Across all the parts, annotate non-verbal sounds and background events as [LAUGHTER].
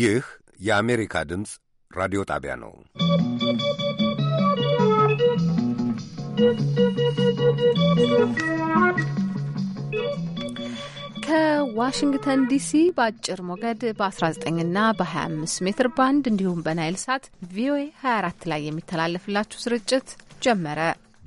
ይህ የአሜሪካ ድምፅ ራዲዮ ጣቢያ ነው። ከዋሽንግተን ዲሲ በአጭር ሞገድ በ19 ና በ25 ሜትር ባንድ እንዲሁም በናይል ሳት ቪኦኤ 24 ላይ የሚተላለፍላችሁ ስርጭት ጀመረ።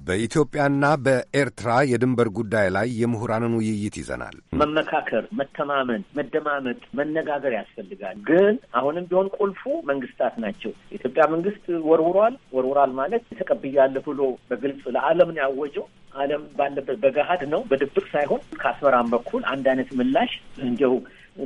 በኢትዮጵያና በኤርትራ የድንበር ጉዳይ ላይ የምሁራንን ውይይት ይዘናል። መመካከር፣ መተማመን፣ መደማመጥ፣ መነጋገር ያስፈልጋል። ግን አሁንም ቢሆን ቁልፉ መንግስታት ናቸው። የኢትዮጵያ መንግስት ወርውሯል። ወርውራል ማለት ተቀብያለሁ ብሎ በግልጽ ለዓለም ነው ያወጀው። ዓለም ባለበት በገሀድ ነው፣ በድብቅ ሳይሆን ከአስመራም በኩል አንድ አይነት ምላሽ እንዲያው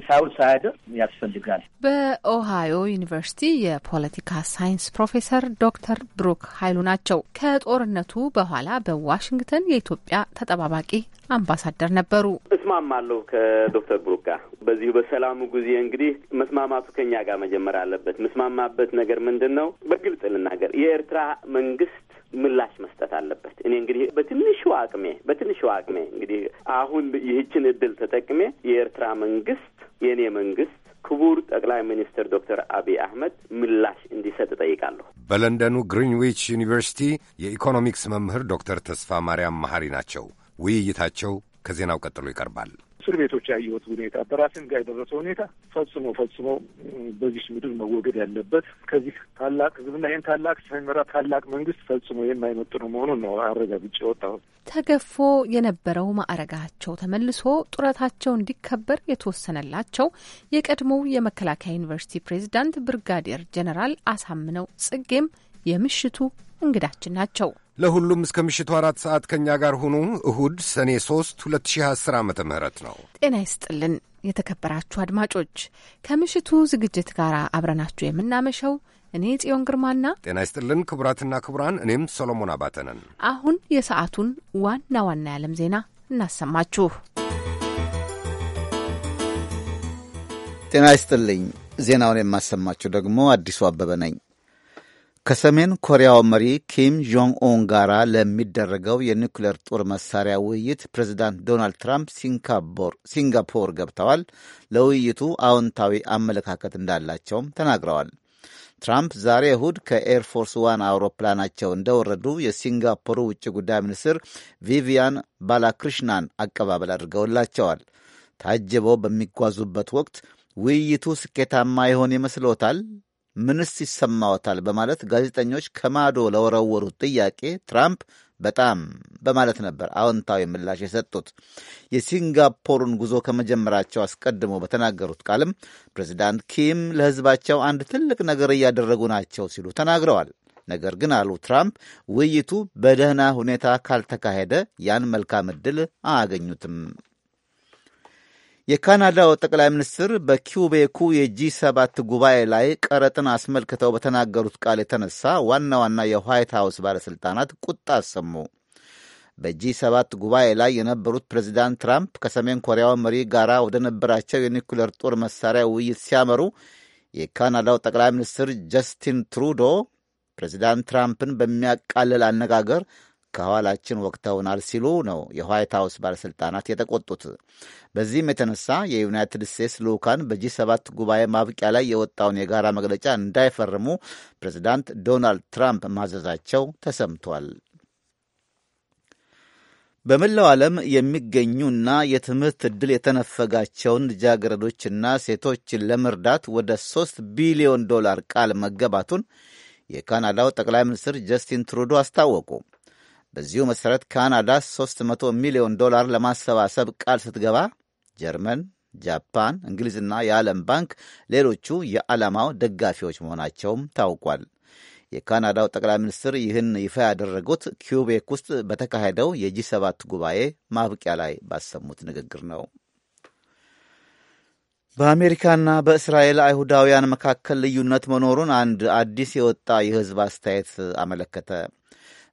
ሳውል ሳያድር ያስፈልጋል። በኦሃዮ ዩኒቨርሲቲ የፖለቲካ ሳይንስ ፕሮፌሰር ዶክተር ብሩክ ሀይሉ ናቸው። ከጦርነቱ በኋላ በዋሽንግተን የኢትዮጵያ ተጠባባቂ አምባሳደር ነበሩ። እስማማለሁ ከዶክተር ብሩክ ጋር በዚሁ በሰላሙ ጊዜ እንግዲህ መስማማቱ ከኛ ጋር መጀመር አለበት። መስማማበት ነገር ምንድን ነው? በግልጽ ልናገር የኤርትራ መንግስት ምላሽ መስጠት አለበት። እኔ እንግዲህ በትንሹ አቅሜ በትንሹ አቅሜ እንግዲህ አሁን ይህችን እድል ተጠቅሜ የኤርትራ መንግስት የእኔ መንግስት ክቡር ጠቅላይ ሚኒስትር ዶክተር አብይ አህመድ ምላሽ እንዲሰጥ እጠይቃለሁ። በለንደኑ ግሪንዊች ዩኒቨርሲቲ የኢኮኖሚክስ መምህር ዶክተር ተስፋ ማርያም መሐሪ ናቸው። ውይይታቸው ከዜናው ቀጥሎ ይቀርባል። እስር ቤቶች ያየሁት ሁኔታ በራሴን ጋር የደረሰ ሁኔታ ፈጽሞ ፈጽሞ በዚህ ምድር መወገድ ያለበት ከዚህ ታላቅ ህዝብና ይህን ታላቅ ሳይመራ ታላቅ መንግስት ፈጽሞ የማይመጥኑ መሆኑን ነው አረጋግጬ የወጣሁት። ተገፎ የነበረው ማዕረጋቸው ተመልሶ ጡረታቸው እንዲከበር የተወሰነላቸው የቀድሞው የመከላከያ ዩኒቨርሲቲ ፕሬዚዳንት ብርጋዴር ጀነራል አሳምነው ጽጌም የምሽቱ እንግዳችን ናቸው። ለሁሉም እስከ ምሽቱ አራት ሰዓት ከእኛ ጋር ሁኑ። እሁድ ሰኔ 3 2010 ዓ ም ነው። ጤና ይስጥልን የተከበራችሁ አድማጮች፣ ከምሽቱ ዝግጅት ጋር አብረናችሁ የምናመሸው እኔ ጽዮን ግርማና ጤና ይስጥልን ክቡራትና ክቡራን፣ እኔም ሰሎሞን አባተ ነን። አሁን የሰዓቱን ዋና ዋና የዓለም ዜና እናሰማችሁ። ጤና ይስጥልኝ። ዜናውን የማሰማችሁ ደግሞ አዲሱ አበበ ነኝ። ከሰሜን ኮሪያው መሪ ኪም ጆንግ ኡን ጋር ለሚደረገው የኒውክሌር ጦር መሳሪያ ውይይት ፕሬዚዳንት ዶናልድ ትራምፕ ሲንጋፖር ገብተዋል። ለውይይቱ አዎንታዊ አመለካከት እንዳላቸውም ተናግረዋል። ትራምፕ ዛሬ እሁድ ከኤርፎርስ ዋን አውሮፕላናቸው እንደወረዱ የሲንጋፖሩ ውጭ ጉዳይ ሚኒስትር ቪቪያን ባላክሪሽናን አቀባበል አድርገውላቸዋል። ታጅበው በሚጓዙበት ወቅት ውይይቱ ስኬታማ ይሆን ይመስሎታል ምንስ ይሰማዎታል በማለት ጋዜጠኞች ከማዶ ለወረወሩት ጥያቄ ትራምፕ በጣም በማለት ነበር አዎንታዊ ምላሽ የሰጡት። የሲንጋፖሩን ጉዞ ከመጀመራቸው አስቀድሞ በተናገሩት ቃልም ፕሬዚዳንት ኪም ለሕዝባቸው አንድ ትልቅ ነገር እያደረጉ ናቸው ሲሉ ተናግረዋል። ነገር ግን አሉ ትራምፕ፣ ውይይቱ በደህና ሁኔታ ካልተካሄደ ያን መልካም ዕድል አያገኙትም የካናዳው ጠቅላይ ሚኒስትር በኪውቤኩ የጂ ሰባት ጉባኤ ላይ ቀረጥን አስመልክተው በተናገሩት ቃል የተነሳ ዋና ዋና የዋይት ሀውስ ባለሥልጣናት ቁጣ አሰሙ። በጂ ሰባት ጉባኤ ላይ የነበሩት ፕሬዚዳንት ትራምፕ ከሰሜን ኮሪያው መሪ ጋር ወደ ነበራቸው የኒኩሌር ጦር መሳሪያ ውይይት ሲያመሩ የካናዳው ጠቅላይ ሚኒስትር ጀስቲን ትሩዶ ፕሬዚዳንት ትራምፕን በሚያቃልል አነጋገር ከኋላችን ወቅተውናል ሲሉ ነው የዋይት ሀውስ ባለሥልጣናት የተቆጡት። በዚህም የተነሳ የዩናይትድ ስቴትስ ልዑካን በጂ ሰባት ጉባኤ ማብቂያ ላይ የወጣውን የጋራ መግለጫ እንዳይፈርሙ ፕሬዚዳንት ዶናልድ ትራምፕ ማዘዛቸው ተሰምቷል። በመላው ዓለም የሚገኙና የትምህርት ዕድል የተነፈጋቸውን ልጃገረዶችና ሴቶችን ለመርዳት ወደ ሦስት ቢሊዮን ዶላር ቃል መገባቱን የካናዳው ጠቅላይ ሚኒስትር ጀስቲን ትሩዶ አስታወቁ። በዚሁ መሠረት ካናዳ 300 ሚሊዮን ዶላር ለማሰባሰብ ቃል ስትገባ ጀርመን፣ ጃፓን፣ እንግሊዝና የዓለም ባንክ ሌሎቹ የዓላማው ደጋፊዎች መሆናቸውም ታውቋል። የካናዳው ጠቅላይ ሚኒስትር ይህን ይፋ ያደረጉት ኪውቤክ ውስጥ በተካሄደው የጂ ሰባት ጉባኤ ማብቂያ ላይ ባሰሙት ንግግር ነው። በአሜሪካና በእስራኤል አይሁዳውያን መካከል ልዩነት መኖሩን አንድ አዲስ የወጣ የሕዝብ አስተያየት አመለከተ።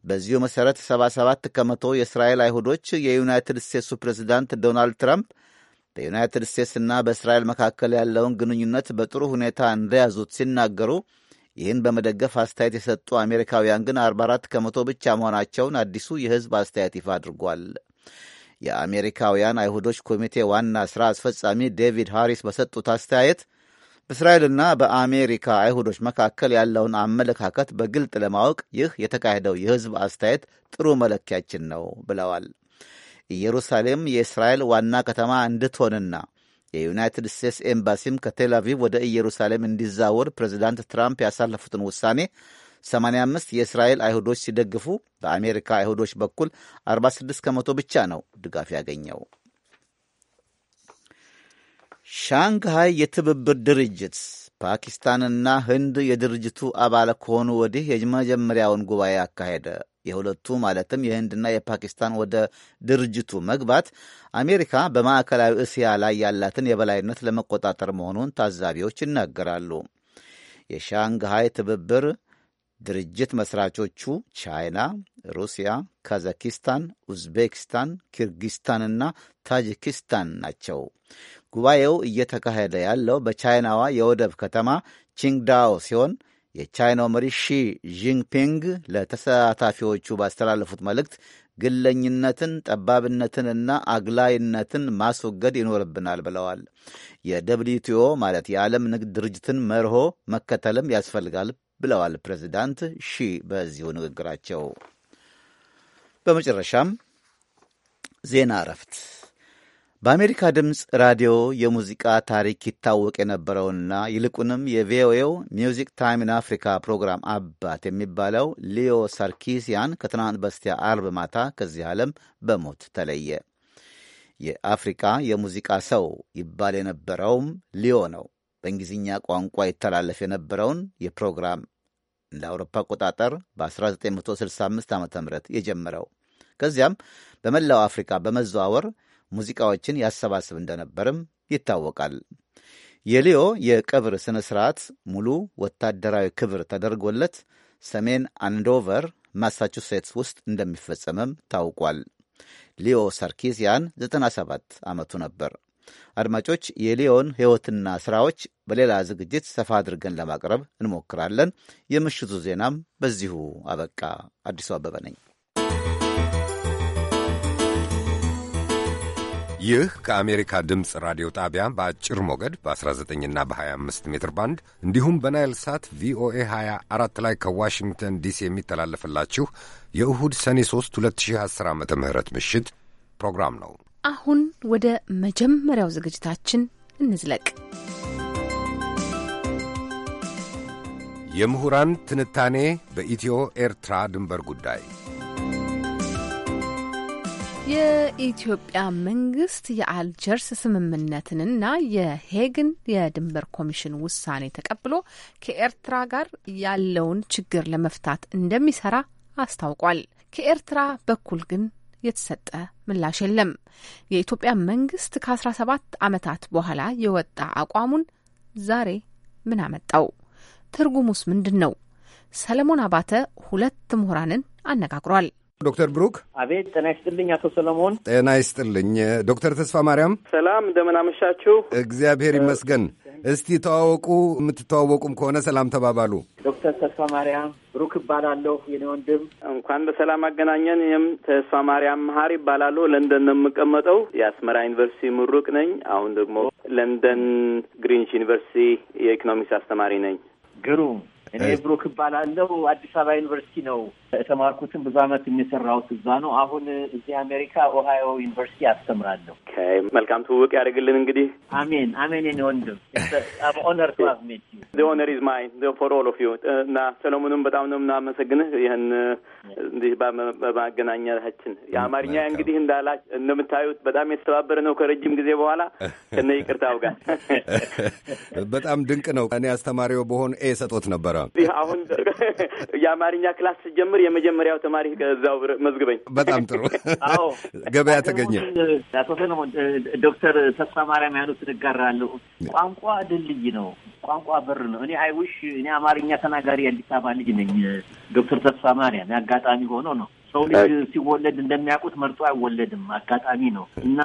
በዚሁ መሠረት 77 ከመቶ የእስራኤል አይሁዶች የዩናይትድ ስቴትሱ ፕሬዚዳንት ዶናልድ ትራምፕ በዩናይትድ ስቴትስና በእስራኤል መካከል ያለውን ግንኙነት በጥሩ ሁኔታ እንደያዙት ሲናገሩ ይህን በመደገፍ አስተያየት የሰጡ አሜሪካውያን ግን 44 ከመቶ ብቻ መሆናቸውን አዲሱ የሕዝብ አስተያየት ይፋ አድርጓል። የአሜሪካውያን አይሁዶች ኮሚቴ ዋና ሥራ አስፈጻሚ ዴቪድ ሃሪስ በሰጡት አስተያየት በእስራኤልና በአሜሪካ አይሁዶች መካከል ያለውን አመለካከት በግልጥ ለማወቅ ይህ የተካሄደው የህዝብ አስተያየት ጥሩ መለኪያችን ነው ብለዋል። ኢየሩሳሌም የእስራኤል ዋና ከተማ እንድትሆንና የዩናይትድ ስቴትስ ኤምባሲም ከቴል አቪቭ ወደ ኢየሩሳሌም እንዲዛወር ፕሬዚዳንት ትራምፕ ያሳለፉትን ውሳኔ 85 የእስራኤል አይሁዶች ሲደግፉ በአሜሪካ አይሁዶች በኩል 46 ከመቶ ብቻ ነው ድጋፍ ያገኘው። ሻንግሃይ የትብብር ድርጅት ፓኪስታንና ህንድ የድርጅቱ አባል ከሆኑ ወዲህ የመጀመሪያውን ጉባኤ አካሄደ። የሁለቱ ማለትም የህንድና የፓኪስታን ወደ ድርጅቱ መግባት አሜሪካ በማዕከላዊ እስያ ላይ ያላትን የበላይነት ለመቆጣጠር መሆኑን ታዛቢዎች ይናገራሉ። የሻንግሃይ ትብብር ድርጅት መስራቾቹ ቻይና፣ ሩሲያ፣ ካዛኪስታን፣ ኡዝቤክስታን፣ ኪርጊስታንና ታጂኪስታን ናቸው። ጉባኤው እየተካሄደ ያለው በቻይናዋ የወደብ ከተማ ቺንግዳኦ ሲሆን የቻይናው መሪ ሺ ጂንፒንግ ለተሳታፊዎቹ ባስተላለፉት መልእክት ግለኝነትን፣ ጠባብነትንና አግላይነትን ማስወገድ ይኖርብናል ብለዋል። የደብሊዩቲኦ ማለት የዓለም ንግድ ድርጅትን መርሆ መከተልም ያስፈልጋል ብለዋል ፕሬዚዳንት ሺ በዚሁ ንግግራቸው። በመጨረሻም ዜና እረፍት በአሜሪካ ድምፅ ራዲዮ የሙዚቃ ታሪክ ይታወቅ የነበረውና ይልቁንም የቪኦኤው ሚውዚክ ታይም ኢን አፍሪካ ፕሮግራም አባት የሚባለው ሊዮ ሳርኪሲያን ከትናንት በስቲያ አርብ ማታ ከዚህ ዓለም በሞት ተለየ። የአፍሪካ የሙዚቃ ሰው ይባል የነበረውም ሊዮ ነው። በእንግሊዝኛ ቋንቋ ይተላለፍ የነበረውን የፕሮግራም እንደ አውሮፓ አቆጣጠር በ1965 ዓ ም የጀመረው ከዚያም በመላው አፍሪካ በመዘዋወር ሙዚቃዎችን ያሰባስብ እንደነበርም ይታወቃል። የሊዮ የቀብር ሥነ ሥርዓት ሙሉ ወታደራዊ ክብር ተደርጎለት ሰሜን አንዶቨር ማሳቹሴትስ ውስጥ እንደሚፈጸምም ታውቋል። ሊዮ ሳርኪዚያን 97 ዓመቱ ነበር። አድማጮች የሊዮን ሕይወትና ሥራዎች በሌላ ዝግጅት ሰፋ አድርገን ለማቅረብ እንሞክራለን። የምሽቱ ዜናም በዚሁ አበቃ። አዲሱ አበበ ነኝ። ይህ ከአሜሪካ ድምፅ ራዲዮ ጣቢያ በአጭር ሞገድ በ19ና በ25 ሜትር ባንድ እንዲሁም በናይል ሳት ቪኦኤ 24 ላይ ከዋሽንግተን ዲሲ የሚተላለፍላችሁ የእሁድ ሰኔ 3 2010 ዓ ም ምሽት ፕሮግራም ነው። አሁን ወደ መጀመሪያው ዝግጅታችን እንዝለቅ። የምሁራን ትንታኔ በኢትዮ ኤርትራ ድንበር ጉዳይ የኢትዮጵያ መንግስት የአልጀርስ ስምምነትንና የሄግን የድንበር ኮሚሽን ውሳኔ ተቀብሎ ከኤርትራ ጋር ያለውን ችግር ለመፍታት እንደሚሰራ አስታውቋል። ከኤርትራ በኩል ግን የተሰጠ ምላሽ የለም። የኢትዮጵያ መንግስት ከ17 ዓመታት በኋላ የወጣ አቋሙን ዛሬ ምን አመጣው? ትርጉሙስ ምንድን ነው? ሰለሞን አባተ ሁለት ምሁራንን አነጋግሯል። ዶክተር ብሩክ አቤት። ጤና ይስጥልኝ አቶ ሰለሞን። ጤና ይስጥልኝ ዶክተር ተስፋ ማርያም። ሰላም እንደምን አመሻችሁ። እግዚአብሔር ይመስገን። እስቲ ተዋወቁ፣ የምትተዋወቁም ከሆነ ሰላም ተባባሉ። ዶክተር ተስፋ ማርያም ብሩክ ይባላለሁ። የኔ ወንድም እንኳን በሰላም አገናኘን። ይህም ተስፋ ማርያም መሀር ይባላሉ። ለንደን ነው የምቀመጠው። የአስመራ ዩኒቨርሲቲ ምሩቅ ነኝ። አሁን ደግሞ ለንደን ግሪንች ዩኒቨርሲቲ የኢኮኖሚክስ አስተማሪ ነኝ። ግሩም እኔ ብሩክ እባላለሁ። አዲስ አበባ ዩኒቨርሲቲ ነው የተማርኩትን። ብዙ አመት የሚሰራሁት እዛ ነው። አሁን እዚህ አሜሪካ ኦሃዮ ዩኒቨርሲቲ አስተምራለሁ። መልካም ትውውቅ ያደርግልን። እንግዲህ አሜን አሜን። ኔ ወንድም ኦነር ኦነር ኢዝ ማይ ፎር ኦል ኦፍ ዩ እና ሰሎሞንም በጣም ነው የምናመሰግንህ ይህን እንዲህ በማገናኛችን የአማርኛ እንግዲህ እንዳላ እንደምታዩት በጣም የተተባበረ ነው ከረጅም ጊዜ በኋላ ከነ ይቅርታው ጋር [LAUGHS] [LAUGHS] በጣም ድንቅ ነው። እኔ አስተማሪው በሆን ኤ ሰጦት ነበረ አሁን የአማርኛ ክላስ ስጀምር የመጀመሪያው ተማሪ ከዛው መዝግበኝ። በጣም ጥሩ ገበያ ተገኘ። አቶ ሰለሞን ዶክተር ተስፋ ማርያም ያሉትን እጋራለሁ። ቋንቋ ድልድይ ነው። ቋንቋ በር ነው። እኔ አይውሽ እኔ አማርኛ ተናጋሪ የአዲስ አበባ ልጅ ነኝ። ዶክተር ተስፋ ማርያም ያጋጣሚ ሆኖ ነው ሰው ልጅ ሲወለድ እንደሚያውቁት መርጦ አይወለድም፣ አጋጣሚ ነው እና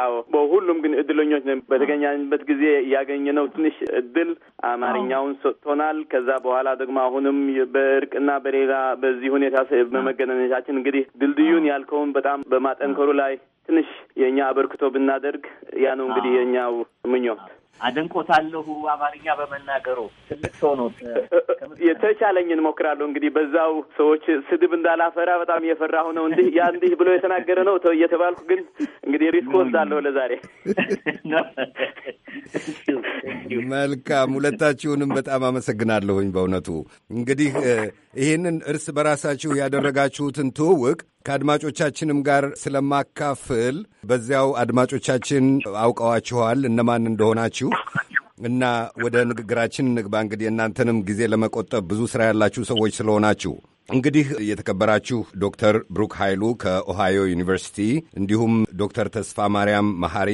አዎ፣ በሁሉም ግን እድለኞች ነን። በተገኛበት ጊዜ ያገኘነው ትንሽ እድል አማርኛውን ሰጥቶናል። ከዛ በኋላ ደግሞ አሁንም በእርቅና በሌላ በዚህ ሁኔታ በመገናኘታችን እንግዲህ ድልድዩን ያልከውን በጣም በማጠንከሩ ላይ ትንሽ የእኛ አበርክቶ ብናደርግ ያ ነው እንግዲህ የእኛው ምኞት። አደንቆታለሁ። አማርኛ በመናገሩ ትልቅ ሰው ነው። የተቻለኝን ሞክራለሁ እንግዲህ በዛው ሰዎች ስድብ እንዳላፈራ በጣም እየፈራሁ ነው። እንዲህ ያ እንዲህ ብሎ የተናገረ ነው እየተባልኩ ግን እንግዲህ ሪስክ ወስዳለሁ። ለዛሬ መልካም። ሁለታችሁንም በጣም አመሰግናለሁኝ። በእውነቱ እንግዲህ [LAUGHS] ይህንን እርስ በራሳችሁ ያደረጋችሁትን ትውውቅ ከአድማጮቻችንም ጋር ስለማካፍል በዚያው አድማጮቻችን አውቀዋችኋል እነማን እንደሆናችሁ እና ወደ ንግግራችን ንግባ። እንግዲህ እናንተንም ጊዜ ለመቆጠብ ብዙ ስራ ያላችሁ ሰዎች ስለሆናችሁ እንግዲህ የተከበራችሁ ዶክተር ብሩክ ኃይሉ ከኦሃዮ ዩኒቨርሲቲ እንዲሁም ዶክተር ተስፋ ማርያም መሐሪ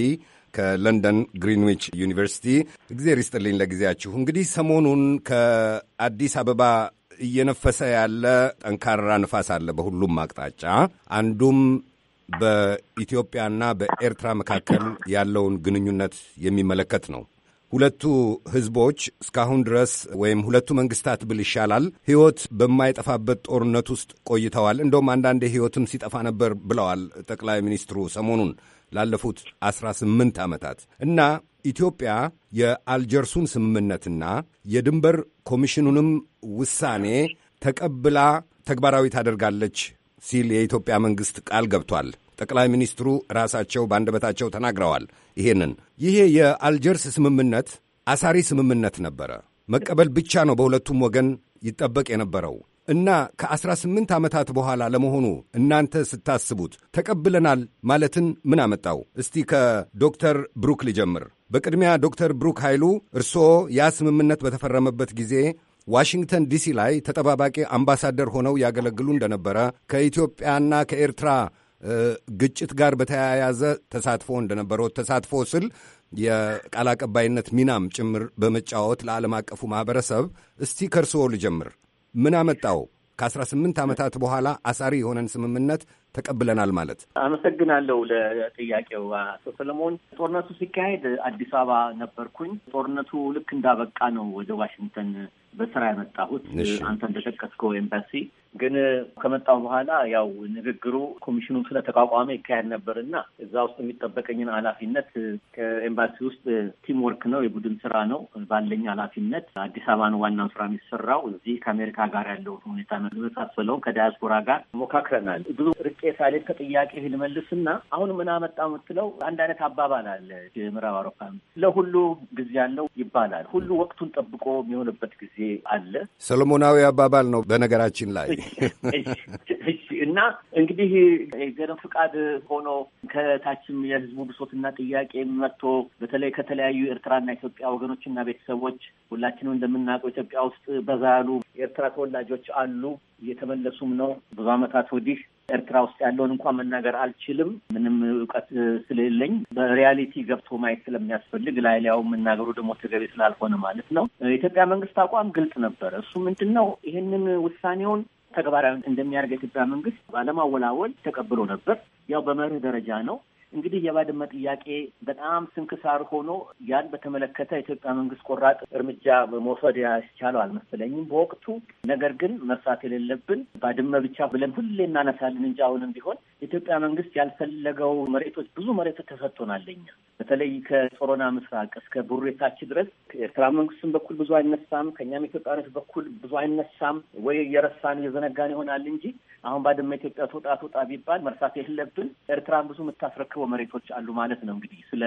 ከለንደን ግሪንዊች ዩኒቨርሲቲ እግዜር ይስጥልኝ ለጊዜያችሁ። እንግዲህ ሰሞኑን ከአዲስ አበባ እየነፈሰ ያለ ጠንካራ ንፋስ አለ በሁሉም አቅጣጫ። አንዱም በኢትዮጵያና በኤርትራ መካከል ያለውን ግንኙነት የሚመለከት ነው። ሁለቱ ህዝቦች እስካሁን ድረስ ወይም ሁለቱ መንግስታት ብል ይሻላል ህይወት በማይጠፋበት ጦርነት ውስጥ ቆይተዋል። እንደውም አንዳንዴ ህይወትም ሲጠፋ ነበር ብለዋል ጠቅላይ ሚኒስትሩ ሰሞኑን ላለፉት 18 ዓመታት እና ኢትዮጵያ የአልጀርሱን ስምምነትና የድንበር ኮሚሽኑንም ውሳኔ ተቀብላ ተግባራዊ ታደርጋለች ሲል የኢትዮጵያ መንግሥት ቃል ገብቷል። ጠቅላይ ሚኒስትሩ ራሳቸው በአንደበታቸው ተናግረዋል። ይሄንን ይሄ የአልጀርስ ስምምነት አሳሪ ስምምነት ነበረ። መቀበል ብቻ ነው በሁለቱም ወገን ይጠበቅ የነበረው። እና ከ18 ዓመታት በኋላ ለመሆኑ እናንተ ስታስቡት ተቀብለናል ማለትን ምን አመጣው? እስቲ ከዶክተር ብሩክ ልጀምር። በቅድሚያ ዶክተር ብሩክ ኃይሉ እርስዎ ያ ስምምነት በተፈረመበት ጊዜ ዋሽንግተን ዲሲ ላይ ተጠባባቂ አምባሳደር ሆነው ያገለግሉ እንደነበረ ከኢትዮጵያና ከኤርትራ ግጭት ጋር በተያያዘ ተሳትፎ እንደነበረው ተሳትፎ ስል የቃል አቀባይነት ሚናም ጭምር በመጫወት ለዓለም አቀፉ ማህበረሰብ እስቲ ከእርስዎ ልጀምር። ምን አመጣው? ከ18 ዓመታት በኋላ አሳሪ የሆነን ስምምነት ተቀብለናል ማለት። አመሰግናለሁ ለጥያቄው አቶ ሰለሞን። ጦርነቱ ሲካሄድ አዲስ አበባ ነበርኩኝ። ጦርነቱ ልክ እንዳበቃ ነው ወደ ዋሽንግተን በስራ ያመጣሁት አንተ እንደጠቀስከው ኤምባሲ ግን ከመጣሁ በኋላ ያው ንግግሩ ኮሚሽኑ ስለተቋቋመ ይካሄድ ነበር እና እዛ ውስጥ የሚጠበቀኝን ኃላፊነት ከኤምባሲ ውስጥ ቲምወርክ ነው፣ የቡድን ስራ ነው። ባለኝ ኃላፊነት አዲስ አበባ ነው ዋናው ስራ የሚሰራው። እዚህ ከአሜሪካ ጋር ያለው ሁኔታ የመሳሰለውን ከዳያስፖራ ጋር ሞካክረናል። ብዙ ርቄ ሳሌት ከጥያቄ ልመልስ እና አሁን ምን አመጣ የምትለው አንድ አይነት አባባል አለ። ምዕራብ አውሮፓ ለሁሉ ጊዜ ያለው ይባላል። ሁሉ ወቅቱን ጠብቆ የሚሆንበት ጊዜ ጊዜ አለ። ሰሎሞናዊ አባባል ነው በነገራችን ላይ እና እንግዲህ የዘር ፍቃድ ሆኖ ከታችም የህዝቡ ብሶትና ጥያቄ መጥቶ በተለይ ከተለያዩ ኤርትራና ኢትዮጵያ ወገኖችና ቤተሰቦች ሁላችንም እንደምናውቀው ኢትዮጵያ ውስጥ በዛ ያሉ የኤርትራ ተወላጆች አሉ። እየተመለሱም ነው። ብዙ ዓመታት ወዲህ ኤርትራ ውስጥ ያለውን እንኳን መናገር አልችልም፣ ምንም እውቀት ስለሌለኝ በሪያሊቲ ገብቶ ማየት ስለሚያስፈልግ ላይ ሊያው መናገሩ ደግሞ ተገቢ ስላልሆነ ማለት ነው። የኢትዮጵያ መንግስት አቋም ግልጽ ነበረ። እሱ ምንድን ነው? ይህንን ውሳኔውን ተግባራዊ እንደሚያደርግ የኢትዮጵያ መንግስት ባለማወላወል ተቀብሎ ነበር። ያው በመርህ ደረጃ ነው እንግዲህ የባድመ ጥያቄ በጣም ስንክሳር ሆኖ ያን በተመለከተ የኢትዮጵያ መንግስት ቆራጥ እርምጃ መውሰድ ያስቻለው አልመሰለኝም በወቅቱ። ነገር ግን መርሳት የሌለብን ባድመ ብቻ ብለን ሁሌ እናነሳለን እንጂ አሁንም ቢሆን የኢትዮጵያ መንግስት ያልፈለገው መሬቶች ብዙ መሬቶች ተሰጥቶናለኛ በተለይ ከጦሮና ምስራቅ እስከ ቡሬታች ድረስ ከኤርትራ መንግስትም በኩል ብዙ አይነሳም፣ ከእኛም ኢትዮጵያኖች በኩል ብዙ አይነሳም። ወይ የረሳን የዘነጋን ይሆናል እንጂ አሁን ባድመ ኢትዮጵያ ትውጣ ትውጣ ቢባል መርሳት የሌለብን ኤርትራን ብዙ የምታስረክ ክርክሮ መሬቶች አሉ ማለት ነው እንግዲህ ስለ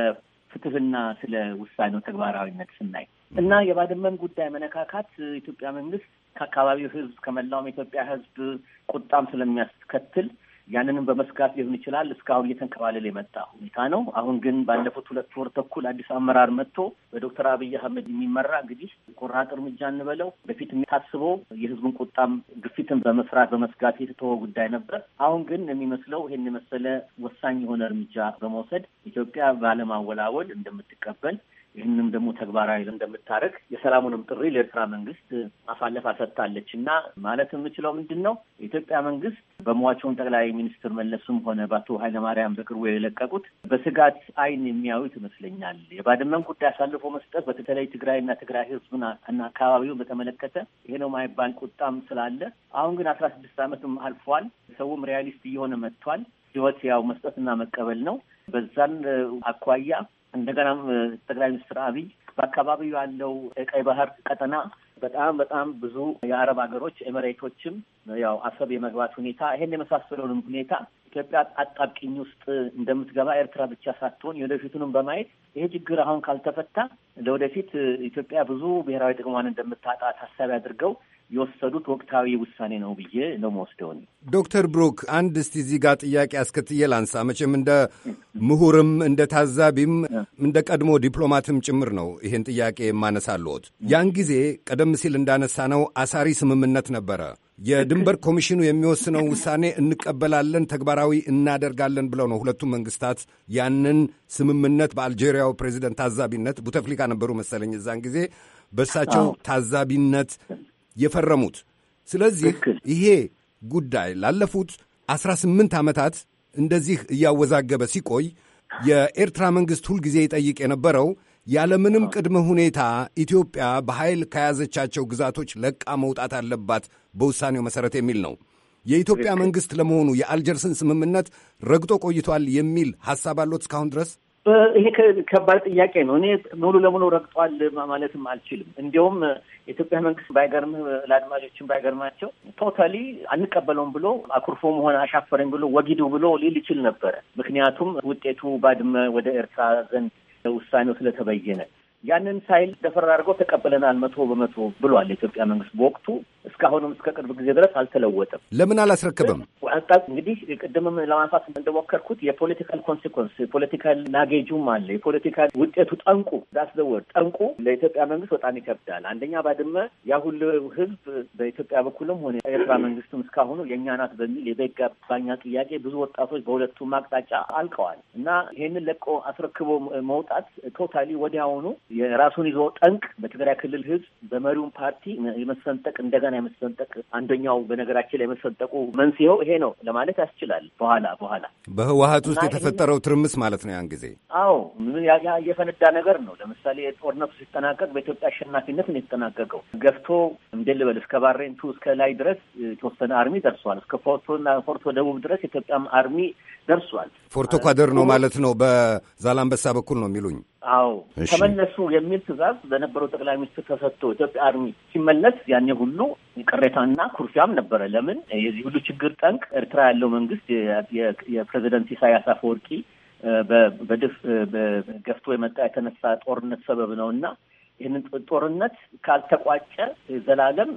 ፍትህና ስለ ውሳኔው ተግባራዊነት ስናይ እና የባድመን ጉዳይ መነካካት ኢትዮጵያ መንግስት ከአካባቢው ህዝብ ከመላውም ኢትዮጵያ ህዝብ ቁጣም ስለሚያስከትል ያንንም በመስጋት ሊሆን ይችላል እስካሁን እየተንከባለል የመጣ ሁኔታ ነው። አሁን ግን ባለፉት ሁለት ወር ተኩል አዲስ አመራር መጥቶ በዶክተር አብይ አህመድ የሚመራ እንግዲህ ቆራጥ እርምጃ እንበለው በፊት የሚታስቦ የህዝቡን ቁጣም ግፊትን በመፍራት በመስጋት የተተወ ጉዳይ ነበር። አሁን ግን የሚመስለው ይህን የመሰለ ወሳኝ የሆነ እርምጃ በመውሰድ ኢትዮጵያ ባለማወላወል እንደምትቀበል ይህንም ደግሞ ተግባራዊ እንደምታደርግ የሰላሙንም ጥሪ ለኤርትራ መንግስት ማሳለፍ አሰጥታለች እና ማለት የምችለው ምንድን ነው የኢትዮጵያ መንግስት በሟቸውን ጠቅላይ ሚኒስትር መለሱም ሆነ በአቶ ኃይለማርያም በቅርቡ የለቀቁት በስጋት አይን የሚያዩት ይመስለኛል። የባድመን ጉዳይ አሳልፎ መስጠት በተለይ ትግራይና ትግራይ ህዝብን እና አካባቢውን በተመለከተ ይሄ ነው የማይባል ቁጣም ስላለ አሁን ግን አስራ ስድስት አመትም አልፏል። ሰውም ሪያሊስት እየሆነ መጥቷል። ህይወት ያው መስጠትና መቀበል ነው። በዛን አኳያ እንደገናም ጠቅላይ ሚኒስትር አብይ በአካባቢው ያለው የቀይ ባህር ቀጠና በጣም በጣም ብዙ የአረብ ሀገሮች ኤምሬቶችም ያው አሰብ የመግባት ሁኔታ ይሄን የመሳሰለውንም ሁኔታ ኢትዮጵያ አጣብቂኝ ውስጥ እንደምትገባ ኤርትራ ብቻ ሳትሆን የወደፊቱንም በማየት ይሄ ችግር አሁን ካልተፈታ ለወደፊት ኢትዮጵያ ብዙ ብሔራዊ ጥቅሟን እንደምታጣ ታሳቢ አድርገው የወሰዱት ወቅታዊ ውሳኔ ነው ብዬ ነው መወስደውን። ዶክተር ብሩክ አንድ እስቲ እዚህ ጋር ጥያቄ አስከትዬ ላንሳ። መቼም እንደ ምሁርም እንደ ታዛቢም እንደ ቀድሞ ዲፕሎማትም ጭምር ነው ይህን ጥያቄ የማነሳልዎት። ያን ጊዜ ቀደም ሲል እንዳነሳነው አሳሪ ስምምነት ነበረ። የድንበር ኮሚሽኑ የሚወስነው ውሳኔ እንቀበላለን፣ ተግባራዊ እናደርጋለን ብለው ነው ሁለቱም መንግስታት ያንን ስምምነት በአልጄሪያው ፕሬዚደንት ታዛቢነት ቡተፍሊካ ነበሩ መሰለኝ፣ እዛን ጊዜ በእሳቸው ታዛቢነት የፈረሙት። ስለዚህ ይሄ ጉዳይ ላለፉት 18 ዓመታት እንደዚህ እያወዛገበ ሲቆይ የኤርትራ መንግሥት ሁልጊዜ ይጠይቅ የነበረው ያለምንም ቅድመ ሁኔታ ኢትዮጵያ በኃይል ከያዘቻቸው ግዛቶች ለቃ መውጣት አለባት በውሳኔው መሠረት የሚል ነው። የኢትዮጵያ መንግሥት ለመሆኑ የአልጀርስን ስምምነት ረግጦ ቆይቷል የሚል ሐሳብ አለት እስካሁን ድረስ? ይሄ ከባድ ጥያቄ ነው። እኔ ሙሉ ለሙሉ ረግጧል ማለትም አልችልም። እንዲሁም የኢትዮጵያ መንግስት ባይገርም ለአድማጮችን ባይገርማቸው ቶታሊ አንቀበለውም ብሎ አኩርፎ መሆን አሻፈረኝ ብሎ ወጊዱ ብሎ ሊል ይችል ነበረ። ምክንያቱም ውጤቱ ባድመ ወደ ኤርትራ ዘንድ ውሳኔው ስለተበየነ ያንን ሳይል ደፈር አድርገው ተቀብለናል መቶ በመቶ ብሏል የኢትዮጵያ መንግስት በወቅቱ። እስካሁንም እስከ ቅርብ ጊዜ ድረስ አልተለወጠም። ለምን አላስረከበም? እንግዲህ ቅድምም ለማንሳት እንደሞከርኩት የፖለቲካል ኮንሲኮንስ የፖለቲካል ናጌጁም አለ። የፖለቲካል ውጤቱ ጠንቁ ዳስዘወር ጠንቁ ለኢትዮጵያ መንግስት በጣም ይከብዳል። አንደኛ ባድመ ያ ሁሉ ህዝብ በኢትዮጵያ በኩልም ሆነ ኤርትራ መንግስትም እስካሁኑ የእኛ ናት በሚል ባኛ ጥያቄ ብዙ ወጣቶች በሁለቱም አቅጣጫ አልቀዋል እና ይህንን ለቆ አስረክቦ መውጣት ቶታሊ ወዲያውኑ የራሱን ይዞ ጠንቅ በትግራይ ክልል ህዝብ በመሪውን ፓርቲ የመሰንጠቅ እንደገና የመሰንጠቅ አንደኛው በነገራችን ላይ የመሰንጠቁ መንስኤው ይሄ ነው ለማለት ያስችላል። በኋላ በኋላ በህወሀት ውስጥ የተፈጠረው ትርምስ ማለት ነው ያን ጊዜ። አዎ የፈነዳ ነገር ነው። ለምሳሌ ጦርነቱ ሲጠናቀቅ በኢትዮጵያ አሸናፊነት ነው የተጠናቀቀው። ገፍቶ እንደልበል እስከ ባሬንቱ እስከ ላይ ድረስ የተወሰነ አርሚ ደርሷል። እስከ ፎርቶና ፎርቶ ደቡብ ድረስ የኢትዮጵያም አርሚ ደርሷል። ፎርቶ ኳደር ነው ማለት ነው። በዛላንበሳ በኩል ነው የሚሉኝ አዎ ተመለሱ የሚል ትዕዛዝ ለነበረው ጠቅላይ ሚኒስትር ተሰጥቶ ኢትዮጵያ አርሚ ሲመለስ ያኔ ሁሉ ቅሬታና ኩርፊያም ነበረ። ለምን የዚህ ሁሉ ችግር ጠንቅ ኤርትራ ያለው መንግስት የፕሬዚደንት ኢሳያስ አፈወርቂ በድፍ ገፍቶ የመጣ የተነሳ ጦርነት ሰበብ ነው እና ይህንን ጦርነት ካልተቋጨ ዘላለም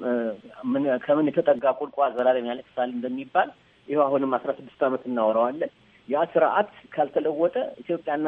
ከምን የተጠጋ ቁልቋ ዘላለም ያለቅሳል እንደሚባል ይህ አሁንም አስራ ስድስት ዓመት እናወራዋለን። ያ ስርዓት ካልተለወጠ ኢትዮጵያና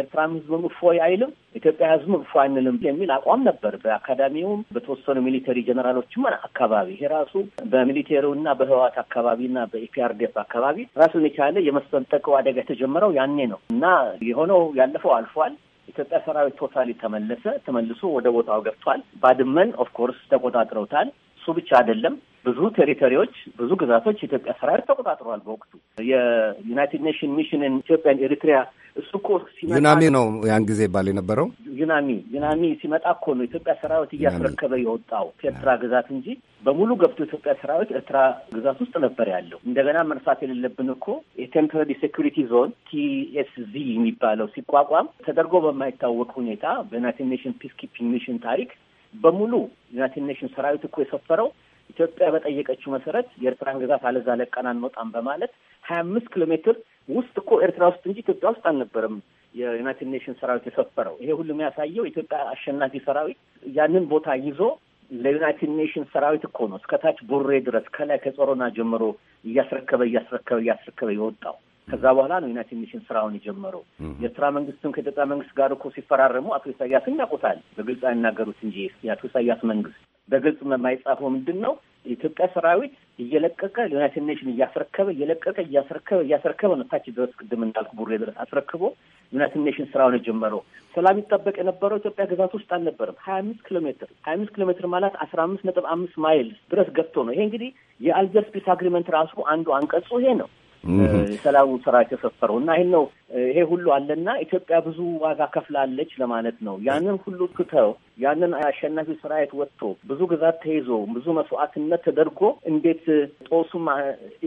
ኤርትራም ህዝብም እፎይ አይልም፣ ኢትዮጵያ ህዝብም እፎይ አይንልም የሚል አቋም ነበር በአካዳሚውም በተወሰኑ ሚሊተሪ ጀነራሎችም አካባቢ። ይሄ ራሱ በሚሊቴሪውና በህወሓት አካባቢና በኢፒአርዴፍ አካባቢ ራሱን የቻለ የመሰንጠቀው አደጋ የተጀመረው ያኔ ነው እና የሆነው ያለፈው አልፏል። ኢትዮጵያ ሰራዊት ቶታሊ ተመለሰ፣ ተመልሶ ወደ ቦታው ገብቷል። ባድመን ኦፍኮርስ ተቆጣጥረውታል። እሱ ብቻ አይደለም ብዙ ቴሪቶሪዎች፣ ብዙ ግዛቶች የኢትዮጵያ ሰራዊት ተቆጣጥሯዋል በወቅቱ የዩናይትድ ኔሽን ሚሽንን ኢትዮጵያን ኤሪትሪያ እሱ እኮ ሲመጣ ዩናሚ ነው ያን ጊዜ ባል የነበረው ዩናሚ ዩናሚ ሲመጣ እኮ ነው ኢትዮጵያ ሰራዊት እያስረከበ የወጣው ከኤርትራ ግዛት እንጂ በሙሉ ገብቶ ኢትዮጵያ ሰራዊት ኤርትራ ግዛት ውስጥ ነበር ያለው። እንደገና መርሳት የሌለብን እኮ የቴምፖራሪ ሴኩሪቲ ዞን ቲኤስዚ የሚባለው ሲቋቋም ተደርጎ በማይታወቅ ሁኔታ በዩናይትድ ኔሽን ፒስ ኪፒንግ ሚሽን ታሪክ በሙሉ ዩናይትድ ኔሽን ሰራዊት እኮ የሰፈረው ኢትዮጵያ በጠየቀችው መሰረት የኤርትራን ግዛት አለዛ ለቀን አንወጣም በማለት ሀያ አምስት ኪሎ ሜትር ውስጥ እኮ ኤርትራ ውስጥ እንጂ ኢትዮጵያ ውስጥ አልነበረም የዩናይትድ ኔሽንስ ሰራዊት የሰፈረው። ይሄ ሁሉም ያሳየው ኢትዮጵያ አሸናፊ ሰራዊት ያንን ቦታ ይዞ ለዩናይትድ ኔሽንስ ሰራዊት እኮ ነው እስከታች ቦሬ ድረስ ከላይ ከጾሮና ጀምሮ እያስረከበ እያስረከበ እያስረከበ የወጣው። ከዛ በኋላ ነው ዩናይትድ ኔሽን ስራውን የጀመረው። የኤርትራ መንግስትም ከኢትዮጵያ መንግስት ጋር እኮ ሲፈራረሙ አቶ ኢሳያስን ያውቁታል። በግልጽ አይናገሩት እንጂ የአቶ ኢሳያስ መንግስት በግልጽ የማይጻፈው ምንድን ነው? የኢትዮጵያ ሰራዊት እየለቀቀ ዩናይትድ ኔሽን እያስረከበ እየለቀቀ እያስረከበ እያስረከበ ነው። ታች ድረስ ቅድም እንዳልኩ ቡሬ ድረስ አስረክቦ ዩናይትድ ኔሽን ስራውን የጀመረው። ሰላም ይጠበቅ የነበረው ኢትዮጵያ ግዛት ውስጥ አልነበረም። ሀያ አምስት ኪሎ ሜትር ሀያ አምስት ኪሎ ሜትር ማለት አስራ አምስት ነጥብ አምስት ማይል ድረስ ገብቶ ነው። ይሄ እንግዲህ የአልጀርስ ፒስ አግሪመንት ራሱ አንዱ አንቀጹ ይሄ ነው። የሰላሙ ስራች የተሰፈረው እና ይህን ነው ይሄ ሁሉ አለና ኢትዮጵያ ብዙ ዋጋ ከፍላለች ለማለት ነው። ያንን ሁሉ ትተው ያንን አሸናፊ ስርዓት ወጥቶ ብዙ ግዛት ተይዞ ብዙ መስዋዕትነት ተደርጎ እንዴት ጦሱም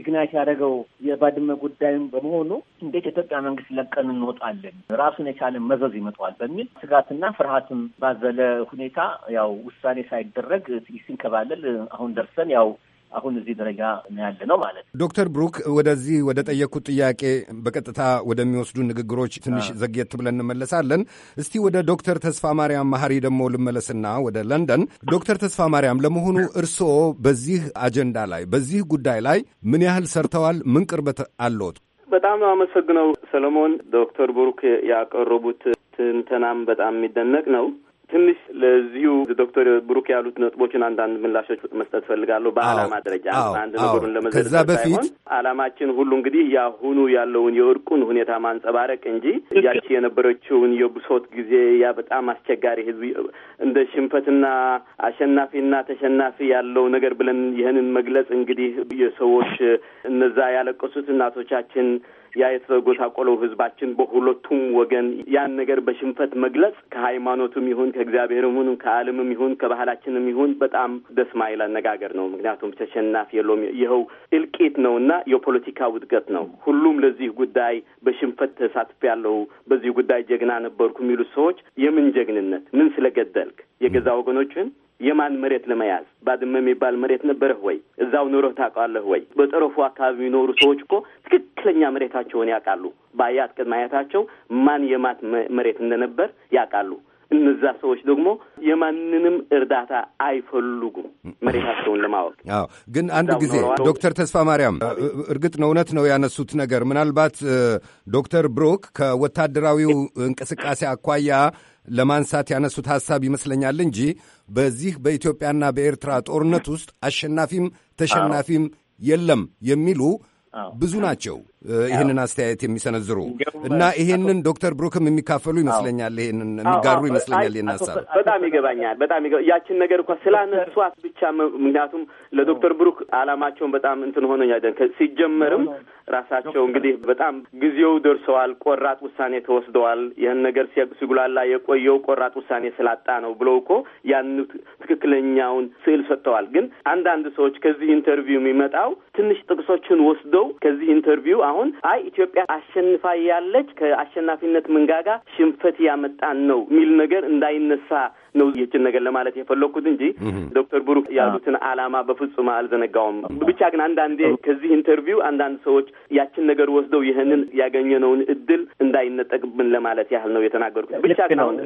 ኢግናይት ያደረገው የባድመ ጉዳይም በመሆኑ እንዴት የኢትዮጵያ መንግስት ለቀን እንወጣለን ራሱን የቻለ መዘዝ ይመጣዋል በሚል ስጋትና ፍርሃትም ባዘለ ሁኔታ ያው ውሳኔ ሳይደረግ ሲንከባለል አሁን ደርሰን ያው አሁን እዚህ ደረጃ ያለ ነው ማለት ነው። ዶክተር ብሩክ ወደዚህ ወደ ጠየቅኩት ጥያቄ በቀጥታ ወደሚወስዱ ንግግሮች ትንሽ ዘግየት ብለን እንመለሳለን። እስቲ ወደ ዶክተር ተስፋ ማርያም ማህሪ ደግሞ ልመለስና ወደ ለንደን ዶክተር ተስፋ ማርያም ለመሆኑ እርስዎ በዚህ አጀንዳ ላይ በዚህ ጉዳይ ላይ ምን ያህል ሰርተዋል? ምን ቅርበት አለዎት? በጣም አመሰግነው ሰለሞን። ዶክተር ብሩክ ያቀረቡት ትንተናም በጣም የሚደነቅ ነው። ትንሽ ለዚሁ ዶክተር ብሩክ ያሉት ነጥቦችን አንዳንድ ምላሾች መስጠት ፈልጋለሁ በአላማ ደረጃ አንድ ነገሩን ለመዘርዘር ሳይሆን ሁሉ እንግዲህ የአሁኑ ያለውን የእርቁን ሁኔታ ማንጸባረቅ እንጂ ያቺ የነበረችውን የብሶት ጊዜ ያ በጣም አስቸጋሪ ህዝብ እንደ ሽንፈትና አሸናፊና ተሸናፊ ያለው ነገር ብለን ይህንን መግለጽ እንግዲህ የሰዎች እነዛ ያለቀሱት እናቶቻችን ያ የተጎሳቆለው ህዝባችን በሁለቱም ወገን ያን ነገር በሽንፈት መግለጽ ከሃይማኖትም ይሁን ከእግዚአብሔርም ይሁን ከዓለምም ይሁን ከባህላችንም ይሁን በጣም ደስ ማይል አነጋገር ነው። ምክንያቱም ተሸናፊ የለውም። ይኸው እልቂት ነው እና የፖለቲካ ውድቀት ነው። ሁሉም ለዚህ ጉዳይ በሽንፈት ተሳትፍ ያለው በዚህ ጉዳይ ጀግና ነበርኩ የሚሉት ሰዎች የምን ጀግንነት ምን ስለገደልክ የገዛ ወገኖችን የማን መሬት ለመያዝ ባድመ የሚባል መሬት ነበረህ ወይ? እዛው ኑሮህ ታውቃለህ ወይ? በጠረፉ አካባቢ የሚኖሩ ሰዎች እኮ ትክክለኛ መሬታቸውን ያውቃሉ። በአያት ቅድመ አያታቸው ማን የማት መሬት እንደነበር ያውቃሉ። እነዛ ሰዎች ደግሞ የማንንም እርዳታ አይፈልጉም መሬታቸውን ለማወቅ። አዎ፣ ግን አንድ ጊዜ ዶክተር ተስፋ ማርያም እርግጥ ነው እውነት ነው ያነሱት ነገር ምናልባት ዶክተር ብሮክ ከወታደራዊው እንቅስቃሴ አኳያ ለማንሳት ያነሱት ሐሳብ ይመስለኛል እንጂ በዚህ በኢትዮጵያና በኤርትራ ጦርነት ውስጥ አሸናፊም ተሸናፊም የለም የሚሉ ብዙ ናቸው ይህንን አስተያየት የሚሰነዝሩ እና ይሄንን ዶክተር ብሩክም የሚካፈሉ ይመስለኛል፣ ይሄንን የሚጋሩ ይመስለኛል። ይህን ሀሳብ በጣም ይገባኛል። በጣም ያችን ነገር እንኳ ስላነሷት ብቻ ምክንያቱም ለዶክተር ብሩክ አላማቸውን በጣም እንትን ሆነኛ ሲጀመርም ራሳቸው እንግዲህ በጣም ጊዜው ደርሰዋል፣ ቆራጥ ውሳኔ ተወስደዋል። ይህን ነገር ሲጉላላ የቆየው ቆራጥ ውሳኔ ስላጣ ነው ብለው እኮ ያን ትክክለኛውን ስዕል ሰጥተዋል። ግን አንዳንድ ሰዎች ከዚህ ኢንተርቪው የሚመጣው ትንሽ ጥቅሶችን ወስደው ከዚህ ኢንተርቪው አሁን አይ ኢትዮጵያ አሸንፋ ያለች ከአሸናፊነት መንጋጋ ሽንፈት ያመጣን ነው የሚል ነገር እንዳይነሳ ነው ይችን ነገር ለማለት የፈለግኩት እንጂ ዶክተር ብሩክ ያሉትን አላማ በፍጹም አልዘነጋውም። ብቻ ግን አንዳንዴ ከዚህ ኢንተርቪው አንዳንድ ሰዎች ያችን ነገር ወስደው ይህንን ያገኘነውን እድል እንዳይነጠቅብን ለማለት ያህል ነው የተናገርኩት። ብቻ ግን አሁን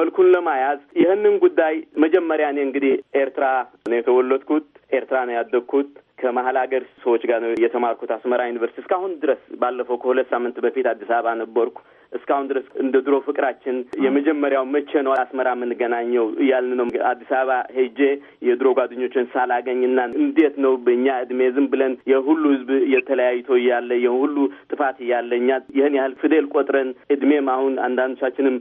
መልኩን ለማያዝ ይህንን ጉዳይ መጀመሪያ እኔ እንግዲህ ኤርትራ ነው የተወለድኩት፣ ኤርትራ ነው ያደግኩት ከመሀል ሀገር ሰዎች ጋር ነው የተማርኩት አስመራ ዩኒቨርሲቲ እስካሁን ድረስ። ባለፈው ከሁለት ሳምንት በፊት አዲስ አበባ ነበርኩ። እስካሁን ድረስ እንደ ድሮ ፍቅራችን የመጀመሪያው መቼ ነው አስመራ የምንገናኘው እያልን ነው። አዲስ አበባ ሄጄ የድሮ ጓደኞችን ሳላገኝና እንዴት ነው በእኛ እድሜ ዝም ብለን የሁሉ ህዝብ የተለያይቶ እያለ የሁሉ ጥፋት እያለ እኛ ይህን ያህል ፊደል ቆጥረን እድሜም አሁን አንዳንዶቻችንም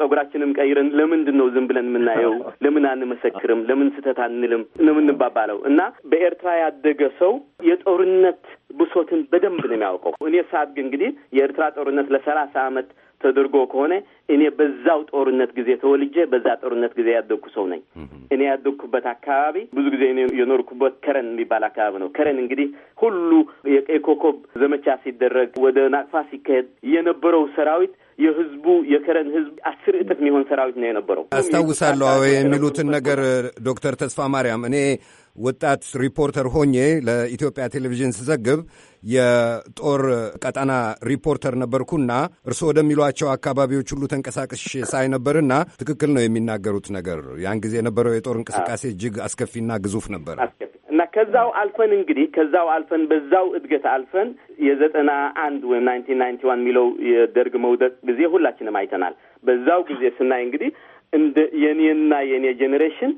ጸጉራችንም ቀይረን ለምንድን ነው ዝም ብለን የምናየው? ለምን አንመሰክርም? ለምን ስህተት አንልም? ነው የምንባባለው እና በኤርትራ ያደገ ሰው የጦርነት ብሶትን በደንብ ነው የሚያውቀው። እኔ ግን እንግዲህ የኤርትራ ጦርነት ለሰላሳ ዓመት ተደርጎ ከሆነ እኔ በዛው ጦርነት ጊዜ ተወልጄ በዛ ጦርነት ጊዜ ያደግኩ ሰው ነኝ። እኔ ያደግኩበት አካባቢ ብዙ ጊዜ እኔ የኖርኩበት ከረን የሚባል አካባቢ ነው። ከረን እንግዲህ ሁሉ የቀይ ኮከብ ዘመቻ ሲደረግ ወደ ናቅፋ ሲካሄድ የነበረው ሰራዊት የህዝቡ የከረን ህዝብ አስር እጥፍ የሚሆን ሰራዊት ነው የነበረው። አስታውሳለሁ የሚሉትን ነገር ዶክተር ተስፋ ማርያም እኔ ወጣት ሪፖርተር ሆኜ ለኢትዮጵያ ቴሌቪዥን ስዘግብ የጦር ቀጠና ሪፖርተር ነበርኩና እርስዎ ወደሚሏቸው አካባቢዎች ሁሉ ተንቀሳቅሽ ሳይ ነበርና ትክክል ነው የሚናገሩት ነገር። ያን ጊዜ የነበረው የጦር እንቅስቃሴ እጅግ አስከፊና ግዙፍ ነበር እና ከዛው አልፈን እንግዲህ ከዛው አልፈን በዛው እድገት አልፈን የዘጠና አንድ ወይም ናይንቲን ናይንቲ ዋን የሚለው የደርግ መውደቅ ጊዜ ሁላችንም አይተናል። በዛው ጊዜ ስናይ እንግዲህ እንደ የኔና የኔ ጄኔሬሽን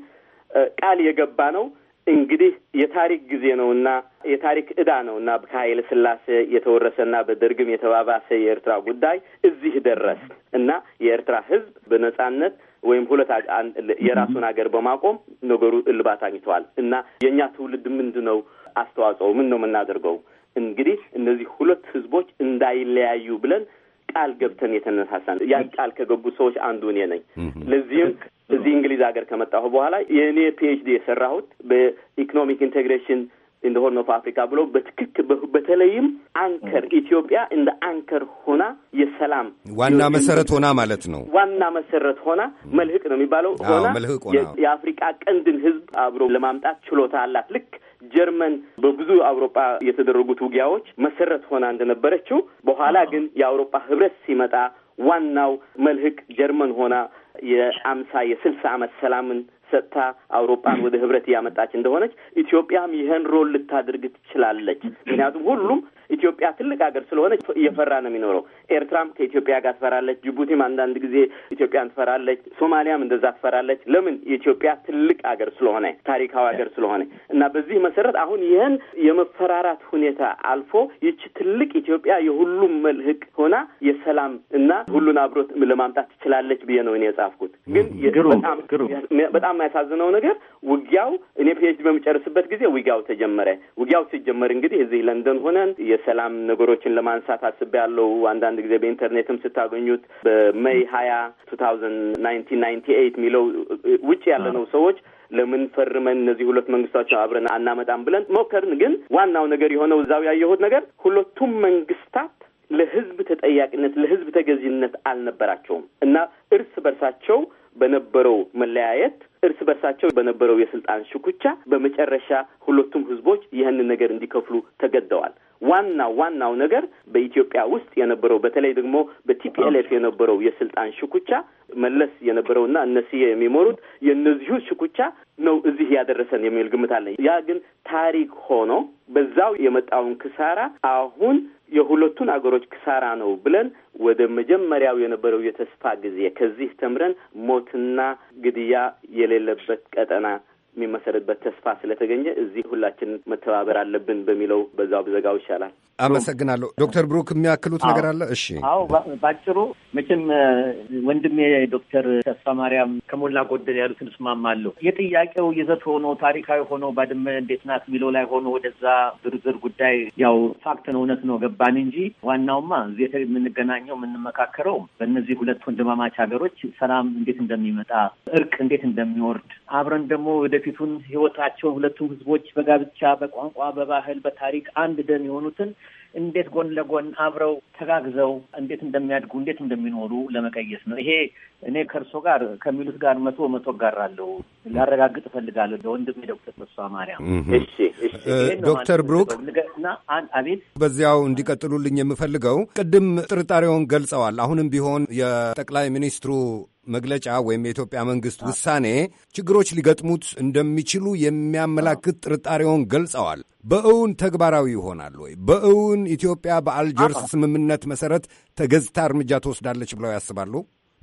ቃል የገባ ነው እንግዲህ የታሪክ ጊዜ ነውና የታሪክ እዳ ነውና ከኃይለ ሥላሴ የተወረሰና በደርግም የተባባሰ የኤርትራ ጉዳይ እዚህ ደረስ እና የኤርትራ ሕዝብ በነጻነት ወይም ሁለት የራሱን ሀገር በማቆም ነገሩ እልባት አግኝተዋል እና የእኛ ትውልድ ምንድን ነው አስተዋጽኦ ምን ነው የምናደርገው? እንግዲህ እነዚህ ሁለት ሕዝቦች እንዳይለያዩ ብለን ቃል ገብተን የተነሳሳን ያን ቃል ከገቡ ሰዎች አንዱ እኔ ነኝ። ለዚህም እዚህ እንግሊዝ ሀገር ከመጣሁ በኋላ የእኔ ፒኤችዲ የሰራሁት በኢኮኖሚክ ኢንቴግሬሽን ኢን ሆርን ኦፍ አፍሪካ ብሎ በትክክል በተለይም አንከር ኢትዮጵያ እንደ አንከር ሆና የሰላም ዋና መሰረት ሆና ማለት ነው። ዋና መሰረት ሆና መልህቅ ነው የሚባለው ሆና የአፍሪቃ ቀንድን ህዝብ አብሮ ለማምጣት ችሎታ አላት። ልክ ጀርመን በብዙ አውሮፓ የተደረጉት ውጊያዎች መሰረት ሆና እንደነበረችው በኋላ ግን የአውሮፓ ህብረት ሲመጣ ዋናው መልህቅ ጀርመን ሆና የአምሳ የስልሳ ዓመት ሰላምን ሰጥታ አውሮፓን ወደ ህብረት እያመጣች እንደሆነች ኢትዮጵያም ይህን ሮል ልታደርግ ትችላለች። ምክንያቱም ሁሉም ኢትዮጵያ ትልቅ ሀገር ስለሆነ እየፈራ ነው የሚኖረው። ኤርትራም ከኢትዮጵያ ጋር ትፈራለች። ጅቡቲም አንዳንድ ጊዜ ኢትዮጵያን ትፈራለች። ሶማሊያም እንደዛ ትፈራለች። ለምን? የኢትዮጵያ ትልቅ ሀገር ስለሆነ ታሪካዊ ሀገር ስለሆነ እና በዚህ መሰረት አሁን ይህን የመፈራራት ሁኔታ አልፎ ይቺ ትልቅ ኢትዮጵያ የሁሉም መልህቅ ሆና የሰላም እና ሁሉን አብሮት ለማምጣት ትችላለች ብዬ ነው እኔ የጻፍኩት። ግን በጣም የሚያሳዝነው ነገር ውጊያው እኔ ፒኤችዲ በሚጨርስበት ጊዜ ውጊያው ተጀመረ። ውጊያው ሲጀመር እንግዲህ እዚህ ለንደን ሆነን የሰላም ነገሮችን ለማንሳት አስቤ ያለው አንዳንድ ጊዜ በኢንተርኔትም ስታገኙት በሜይ ሀያ ቱ ታውዘንድ ናይንቲን ናይንቲ ኤይት የሚለው ውጭ ነው ሰዎች ለምን ፈርመን እነዚህ ሁለት መንግስታቸው አብረን አናመጣም ብለን ሞከርን። ግን ዋናው ነገር የሆነው እዛው ያየሁት ነገር ሁለቱም መንግስታት ለህዝብ ተጠያቂነት ለህዝብ ተገዥነት አልነበራቸውም እና እርስ በርሳቸው በነበረው መለያየት እርስ በርሳቸው በነበረው የስልጣን ሽኩቻ በመጨረሻ ሁለቱም ህዝቦች ይህንን ነገር እንዲከፍሉ ተገደዋል። ዋና ዋናው ነገር በኢትዮጵያ ውስጥ የነበረው በተለይ ደግሞ በቲፒኤልኤፍ የነበረው የስልጣን ሽኩቻ መለስ የነበረውና እነሲ የሚመሩት የእነዚሁ ሽኩቻ ነው እዚህ ያደረሰን የሚል ግምት አለኝ። ያ ግን ታሪክ ሆኖ በዛው የመጣውን ክሳራ አሁን የሁለቱን አገሮች ክሳራ ነው ብለን ወደ መጀመሪያው የነበረው የተስፋ ጊዜ ከዚህ ተምረን ሞትና ግድያ የሌለበት ቀጠና የሚመሰረትበት ተስፋ ስለተገኘ እዚህ ሁላችን መተባበር አለብን በሚለው በዛው ብዘጋው ይሻላል። አመሰግናለሁ። ዶክተር ብሩክ የሚያክሉት ነገር አለ? እሺ፣ አዎ፣ ባጭሩ መቼም ወንድሜ ዶክተር ተስፋ ማርያም ከሞላ ጎደል ያሉትን እስማማለሁ። የጥያቄው ይዘት ሆኖ ታሪካዊ ሆኖ ባድመ እንዴት ናት የሚለው ላይ ሆኖ ወደዛ ዝርዝር ጉዳይ ያው ፋክት ነው እውነት ነው ገባን እንጂ ዋናውማ እዚህ የምንገናኘው የምንመካከረው በእነዚህ ሁለት ወንድማማች ሀገሮች ሰላም እንዴት እንደሚመጣ እርቅ እንዴት እንደሚወርድ አብረን ደግሞ ወደ የወደፊቱን ህይወታቸውን ሁለቱም ህዝቦች በጋብቻ በቋንቋ፣ በባህል፣ በታሪክ አንድ ደም የሆኑትን እንዴት ጎን ለጎን አብረው ተጋግዘው እንዴት እንደሚያድጉ እንዴት እንደሚኖሩ ለመቀየስ ነው። ይሄ እኔ ከእርሶ ጋር ከሚሉት ጋር መቶ መቶ እጋራለሁ። ላረጋግጥ እፈልጋለሁ ለወንድሜ ዶክተር ተስፋ ማርያም። ዶክተር ብሩክ እና አቤት፣ በዚያው እንዲቀጥሉልኝ የምፈልገው ቅድም ጥርጣሬውን ገልጸዋል። አሁንም ቢሆን የጠቅላይ ሚኒስትሩ መግለጫ ወይም የኢትዮጵያ መንግስት ውሳኔ ችግሮች ሊገጥሙት እንደሚችሉ የሚያመላክት ጥርጣሬውን ገልጸዋል። በእውን ተግባራዊ ይሆናል ወይ? በእውን ኢትዮጵያ በአልጀርስ ስምምነት መሰረት ተገዝታ እርምጃ ትወስዳለች ብለው ያስባሉ?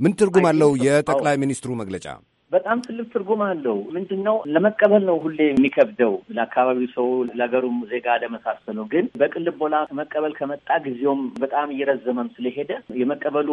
ምን ትርጉም አለው የጠቅላይ ሚኒስትሩ መግለጫ? በጣም ትልቅ ትርጉም አለው። ምንድን ነው ለመቀበል ነው ሁሌ የሚከብደው ለአካባቢው ሰው፣ ለሀገሩም ዜጋ ለመሳሰለው። ግን በቅን ልቦና መቀበል ከመጣ ጊዜውም በጣም እየረዘመም ስለሄደ የመቀበሉ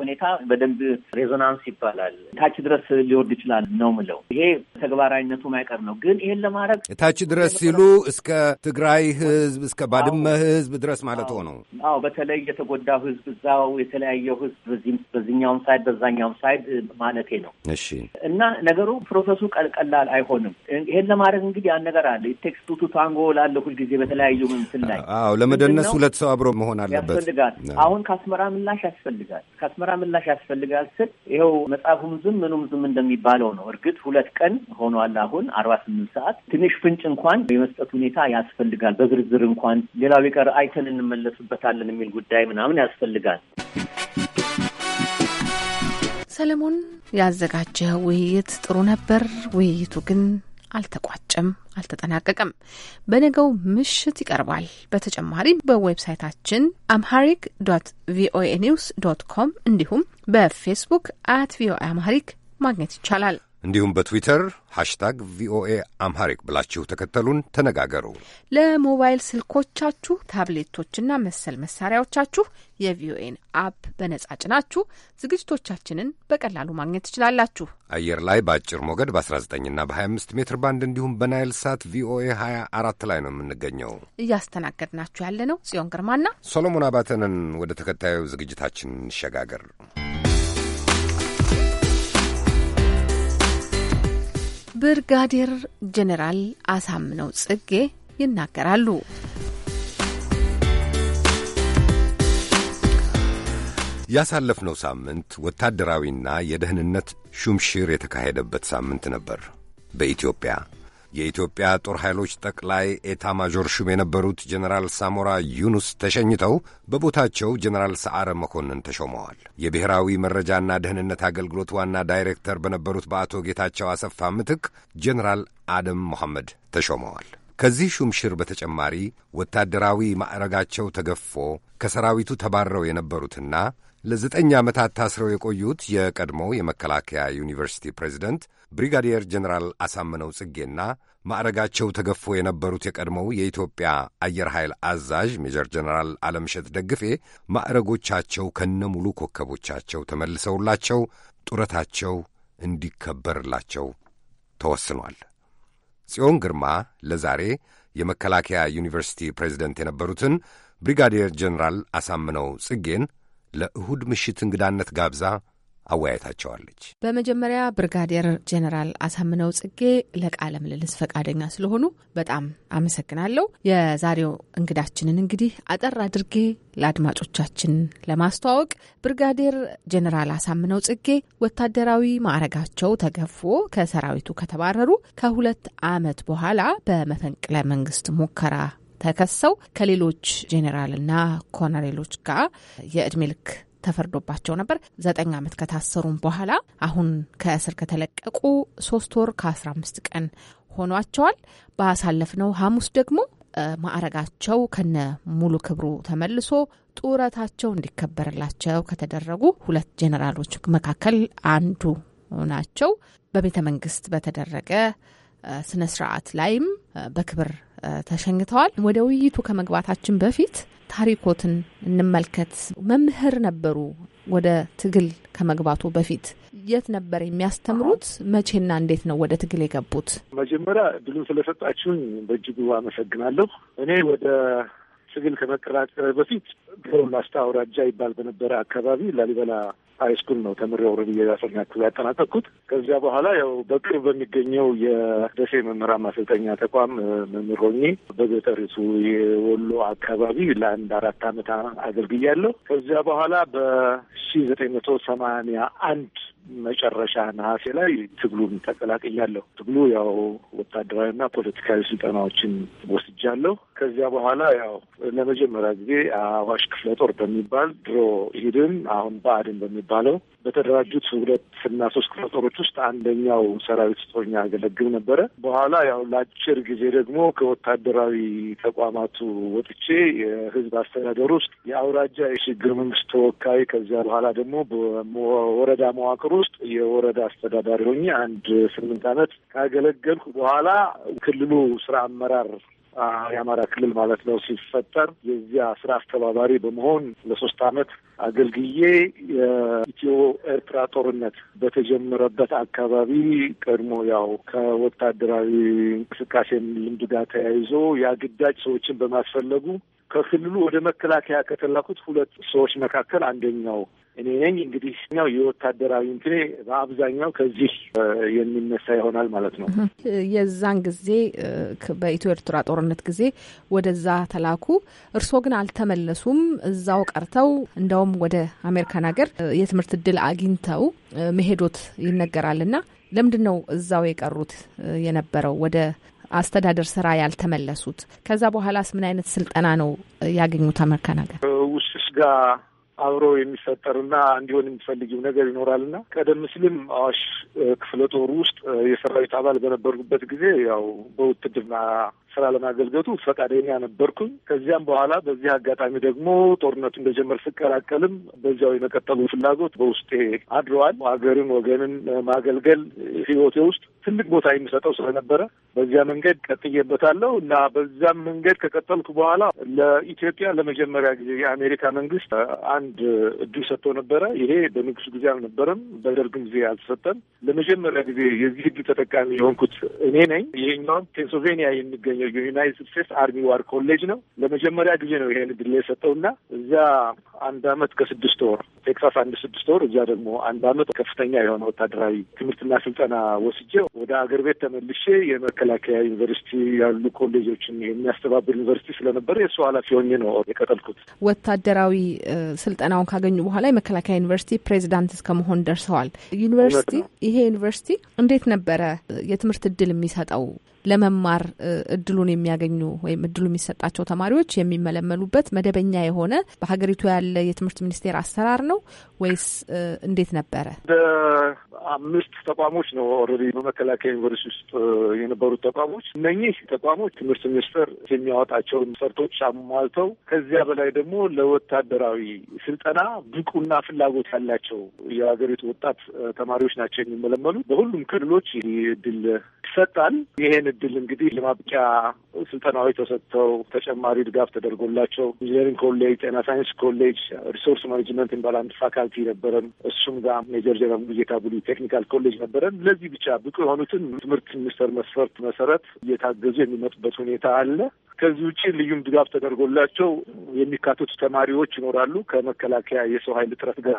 ሁኔታ በደንብ ሬዞናንስ ይባላል ታች ድረስ ሊወርድ ይችላል ነው ምለው። ይሄ ተግባራዊነቱ ማይቀር ነው። ግን ይሄን ለማድረግ ታች ድረስ ሲሉ እስከ ትግራይ ህዝብ እስከ ባድመ ህዝብ ድረስ ማለት ሆነው። አዎ በተለይ የተጎዳው ህዝብ እዛው የተለያየው ህዝብ በዚህኛውም ሳይድ በዛኛውም ሳይድ ማለቴ ነው። እሺ እና እና ነገሩ ፕሮሰሱ ቀላል አይሆንም። ይሄን ለማድረግ እንግዲህ ያን ነገር አለ ቴክስቱ ቱ ታንጎ ላለ ሁልጊዜ በተለያዩ ምምስል ላይ አዎ፣ ለመደነስ ሁለት ሰው አብሮ መሆን አለበት ያስፈልጋል። አሁን ከአስመራ ምላሽ ያስፈልጋል። ከአስመራ ምላሽ ያስፈልጋል ስል ይኸው መጽሐፉም ዝም ምኑም ዝም እንደሚባለው ነው። እርግጥ ሁለት ቀን ሆኗል። አሁን አርባ ስምንት ሰዓት ትንሽ ፍንጭ እንኳን የመስጠት ሁኔታ ያስፈልጋል። በዝርዝር እንኳን ሌላው ቢቀር አይተን እንመለስበታለን የሚል ጉዳይ ምናምን ያስፈልጋል። ሰለሞን፣ ያዘጋጀ ውይይት ጥሩ ነበር። ውይይቱ ግን አልተቋጨም፣ አልተጠናቀቀም። በነገው ምሽት ይቀርባል። በተጨማሪም በዌብሳይታችን አምሃሪክ ዶት ቪኦኤ ኒውስ ዶት ኮም እንዲሁም በፌስቡክ አት ቪኦኤ አምሃሪክ ማግኘት ይቻላል። እንዲሁም በትዊተር ሃሽታግ ቪኦኤ አምሃሪክ ብላችሁ ተከተሉን፣ ተነጋገሩ። ለሞባይል ስልኮቻችሁ ታብሌቶችና መሰል መሳሪያዎቻችሁ የቪኦኤን አፕ በነጻ ጭናችሁ ዝግጅቶቻችንን በቀላሉ ማግኘት ትችላላችሁ። አየር ላይ በአጭር ሞገድ በ19ና በ25 ሜትር ባንድ እንዲሁም በናይል ሳት ቪኦኤ 24 ላይ ነው የምንገኘው። እያስተናገድናችሁ ያለነው ጽዮን ግርማና ሶሎሞን አባተንን። ወደ ተከታዩ ዝግጅታችን እንሸጋገር። ብርጋዴር ጀነራል አሳምነው ጽጌ ይናገራሉ። ያሳለፍነው ሳምንት ወታደራዊና የደህንነት ሹምሽር የተካሄደበት ሳምንት ነበር በኢትዮጵያ የኢትዮጵያ ጦር ኃይሎች ጠቅላይ ኤታ ማዦር ሹም የነበሩት ጀኔራል ሳሞራ ዩኑስ ተሸኝተው በቦታቸው ጀኔራል ሰዓረ መኮንን ተሾመዋል። የብሔራዊ መረጃና ደህንነት አገልግሎት ዋና ዳይሬክተር በነበሩት በአቶ ጌታቸው አሰፋ ምትክ ጀኔራል አደም መሐመድ ተሾመዋል። ከዚህ ሹምሽር በተጨማሪ ወታደራዊ ማዕረጋቸው ተገፎ ከሰራዊቱ ተባረው የነበሩትና ለዘጠኝ ዓመታት ታስረው የቆዩት የቀድሞው የመከላከያ ዩኒቨርሲቲ ፕሬዚደንት ብሪጋዲየር ጀኔራል አሳምነው ጽጌና ማዕረጋቸው ተገፎ የነበሩት የቀድሞው የኢትዮጵያ አየር ኃይል አዛዥ ሜጀር ጀኔራል አለምሸት ደግፌ ማዕረጎቻቸው ከነሙሉ ኮከቦቻቸው ተመልሰውላቸው ጡረታቸው እንዲከበርላቸው ተወስኗል። ጽዮን ግርማ ለዛሬ የመከላከያ ዩኒቨርሲቲ ፕሬዚደንት የነበሩትን ብሪጋዲየር ጀኔራል አሳምነው ጽጌን ለእሁድ ምሽት እንግዳነት ጋብዛ አወያየታቸዋለች። በመጀመሪያ ብርጋዴር ጄኔራል አሳምነው ጽጌ ለቃለ ምልልስ ፈቃደኛ ስለሆኑ በጣም አመሰግናለሁ። የዛሬው እንግዳችንን እንግዲህ አጠር አድርጌ ለአድማጮቻችን ለማስተዋወቅ ብርጋዴር ጄኔራል አሳምነው ጽጌ ወታደራዊ ማዕረጋቸው ተገፎ ከሰራዊቱ ከተባረሩ ከሁለት ዓመት በኋላ በመፈንቅለ መንግስት ሙከራ ተከሰው ከሌሎች ጄኔራልና ኮነሬሎች ጋር የእድሜ ልክ ተፈርዶባቸው ነበር። ዘጠኝ ዓመት ከታሰሩም በኋላ አሁን ከእስር ከተለቀቁ ሶስት ወር ከአስራ አምስት ቀን ሆኗቸዋል። ባሳለፍነው ሐሙስ ደግሞ ማዕረጋቸው ከነ ሙሉ ክብሩ ተመልሶ ጡረታቸው እንዲከበርላቸው ከተደረጉ ሁለት ጄኔራሎች መካከል አንዱ ናቸው። በቤተ መንግስት በተደረገ ስነ ስርዓት ላይም በክብር ተሸኝተዋል። ወደ ውይይቱ ከመግባታችን በፊት ታሪኮትን እንመልከት። መምህር ነበሩ። ወደ ትግል ከመግባቱ በፊት የት ነበር የሚያስተምሩት? መቼና እንዴት ነው ወደ ትግል የገቡት? መጀመሪያ እድሉን ስለሰጣችሁኝ በእጅጉ አመሰግናለሁ። እኔ ወደ ትግል ከመቀላቀል በፊት ላስታ አውራጃ ይባል በነበረ አካባቢ ላሊበላ ሃይስኩል ነው ተምሬ ኦልሬዲ የአስረኛ ክፍል ያጠናቀቅኩት። ከዚያ በኋላ ያው በቅርብ በሚገኘው የደሴ መምህራን ማሰልጠኛ ተቋም መምህር ሆኜ በገጠሪቱ የወሎ አካባቢ ለአንድ አራት ዓመት አገልግያለሁ። ከዚያ በኋላ በሺ ዘጠኝ መቶ ሰማንያ አንድ መጨረሻ ነሐሴ ላይ ትግሉን ተቀላቅያለሁ። ትግሉ ያው ወታደራዊና ፖለቲካዊ ስልጠናዎችን ወስጃለሁ። ከዚያ በኋላ ያው ለመጀመሪያ ጊዜ አዋሽ ክፍለ ጦር በሚባል ድሮ ሂድን አሁን ብአዴን በሚባለው በተደራጁት ሁለት እና ሶስት ክፍለ ጦሮች ውስጥ አንደኛው ሰራዊት ስጦኛ ያገለግል ነበረ። በኋላ ያው ለአጭር ጊዜ ደግሞ ከወታደራዊ ተቋማቱ ወጥቼ የህዝብ አስተዳደር ውስጥ የአውራጃ የሽግግር መንግስት ተወካይ፣ ከዚያ በኋላ ደግሞ በወረዳ መዋቅር ውስጥ የወረዳ አስተዳዳሪ ሆኜ አንድ ስምንት ዓመት ካገለገልኩ በኋላ ክልሉ ስራ አመራር የአማራ ክልል ማለት ነው ሲፈጠር የዚያ ስራ አስተባባሪ በመሆን ለሶስት አመት አገልግዬ የኢትዮ ኤርትራ ጦርነት በተጀመረበት አካባቢ ቀድሞ ያው ከወታደራዊ እንቅስቃሴ ልምድ ጋር ተያይዞ የአግዳጅ ሰዎችን በማስፈለጉ ከክልሉ ወደ መከላከያ ከተላኩት ሁለት ሰዎች መካከል አንደኛው እኔ ነኝ እንግዲህ ያው የወታደራዊ እንትኔ በአብዛኛው ከዚህ የሚነሳ ይሆናል ማለት ነው። የዛን ጊዜ በኢትዮ ኤርትራ ጦርነት ጊዜ ወደዛ ተላኩ። እርስዎ ግን አልተመለሱም፣ እዛው ቀርተው እንደውም ወደ አሜሪካን ሀገር የትምህርት እድል አግኝተው መሄዶት ይነገራልና ለምንድን ነው እዛው የቀሩት የነበረው ወደ አስተዳደር ስራ ያልተመለሱት? ከዛ በኋላስ ምን አይነት ስልጠና ነው ያገኙት አሜሪካን ሀገር ውስስ ጋር አብሮ የሚፈጠርና እንዲሆን የሚፈልጊው ነገር ይኖራልና ቀደም ሲልም አዋሽ ክፍለ ጦር ውስጥ የሰራዊት አባል በነበርኩበት ጊዜ ያው በውትድርና ስራ ለማገልገቱ ፈቃደኛ ነበርኩኝ። ከዚያም በኋላ በዚህ አጋጣሚ ደግሞ ጦርነቱ እንደጀመር ስቀላቀልም በዚያው የመቀጠሉ ፍላጎት በውስጤ አድረዋል። ሀገርን፣ ወገንን ማገልገል ህይወቴ ውስጥ ትልቅ ቦታ የሚሰጠው ስለነበረ በዚያ መንገድ ቀጥዬበታለሁ እና በዚያም መንገድ ከቀጠልኩ በኋላ ለኢትዮጵያ ለመጀመሪያ ጊዜ የአሜሪካ መንግስት አንድ እድል ሰጥቶ ነበረ። ይሄ በንጉሱ ጊዜ አልነበረም፣ በደርግም ጊዜ አልተሰጠም። ለመጀመሪያ ጊዜ የዚህ እድል ተጠቃሚ የሆንኩት እኔ ነኝ። ይሄኛውም ፔንስልቬኒያ የሚገኝ የዩናይትድ ስቴትስ አርሚ ዋር ኮሌጅ ነው። ለመጀመሪያ ጊዜ ነው ይሄን እድል የሰጠው እና እዚያ አንድ አመት ከስድስት ወር ቴክሳስ አንድ ስድስት ወር እዚያ ደግሞ አንድ አመት ከፍተኛ የሆነ ወታደራዊ ትምህርትና ስልጠና ወስጄ ወደ አገር ቤት ተመልሼ የመከላከያ ዩኒቨርሲቲ ያሉ ኮሌጆችን የሚያስተባብር ዩኒቨርሲቲ ስለነበረ የእሱ ኃላፊ ሆኜ ነው የቀጠልኩት። ወታደራዊ ስልጠናውን ካገኙ በኋላ የመከላከያ ዩኒቨርሲቲ ፕሬዚዳንት እስከ መሆን ደርሰዋል። ዩኒቨርሲቲ ይሄ ዩኒቨርሲቲ እንዴት ነበረ የትምህርት እድል የሚሰጠው? ለመማር እድሉን የሚያገኙ ወይም እድሉ የሚሰጣቸው ተማሪዎች የሚመለመሉበት መደበኛ የሆነ በሀገሪቱ ያለ የትምህርት ሚኒስቴር አሰራር ነው ወይስ እንዴት ነበረ? አምስት ተቋሞች ነው ኦልሬዲ በመከላከያ ዩኒቨርሲቲ ውስጥ የነበሩት ተቋሞች። እነኚህ ተቋሞች ትምህርት ሚኒስቴር የሚያወጣቸውን ሰርቶች አሟልተው ከዚያ በላይ ደግሞ ለወታደራዊ ስልጠና ብቁና ፍላጎት ያላቸው የሀገሪቱ ወጣት ተማሪዎች ናቸው የሚመለመሉ። በሁሉም ክልሎች ይህ እድል ይሰጣል። ይሄን እድል እንግዲህ ለማብቂያ ስልጠናዎች ተሰጥተው ተጨማሪ ድጋፍ ተደርጎላቸው ኢንጂነሪንግ ኮሌጅ፣ ጤና ሳይንስ ኮሌጅ ሪሶርስ ማኔጅመንት የሚባል አንድ ፋካልቲ ነበረን። እሱም ጋር ሜጀር ጀነራል ሙሉጌታ ቡሊ ቴክኒካል ኮሌጅ ነበረን። ለዚህ ብቻ ብቁ የሆኑትን ትምህርት ሚኒስቴር መስፈርት መሰረት እየታገዙ የሚመጡበት ሁኔታ አለ። ከዚህ ውጭ ልዩም ድጋፍ ተደርጎላቸው የሚካተቱ ተማሪዎች ይኖራሉ። ከመከላከያ የሰው ኃይል እጥረት ጋር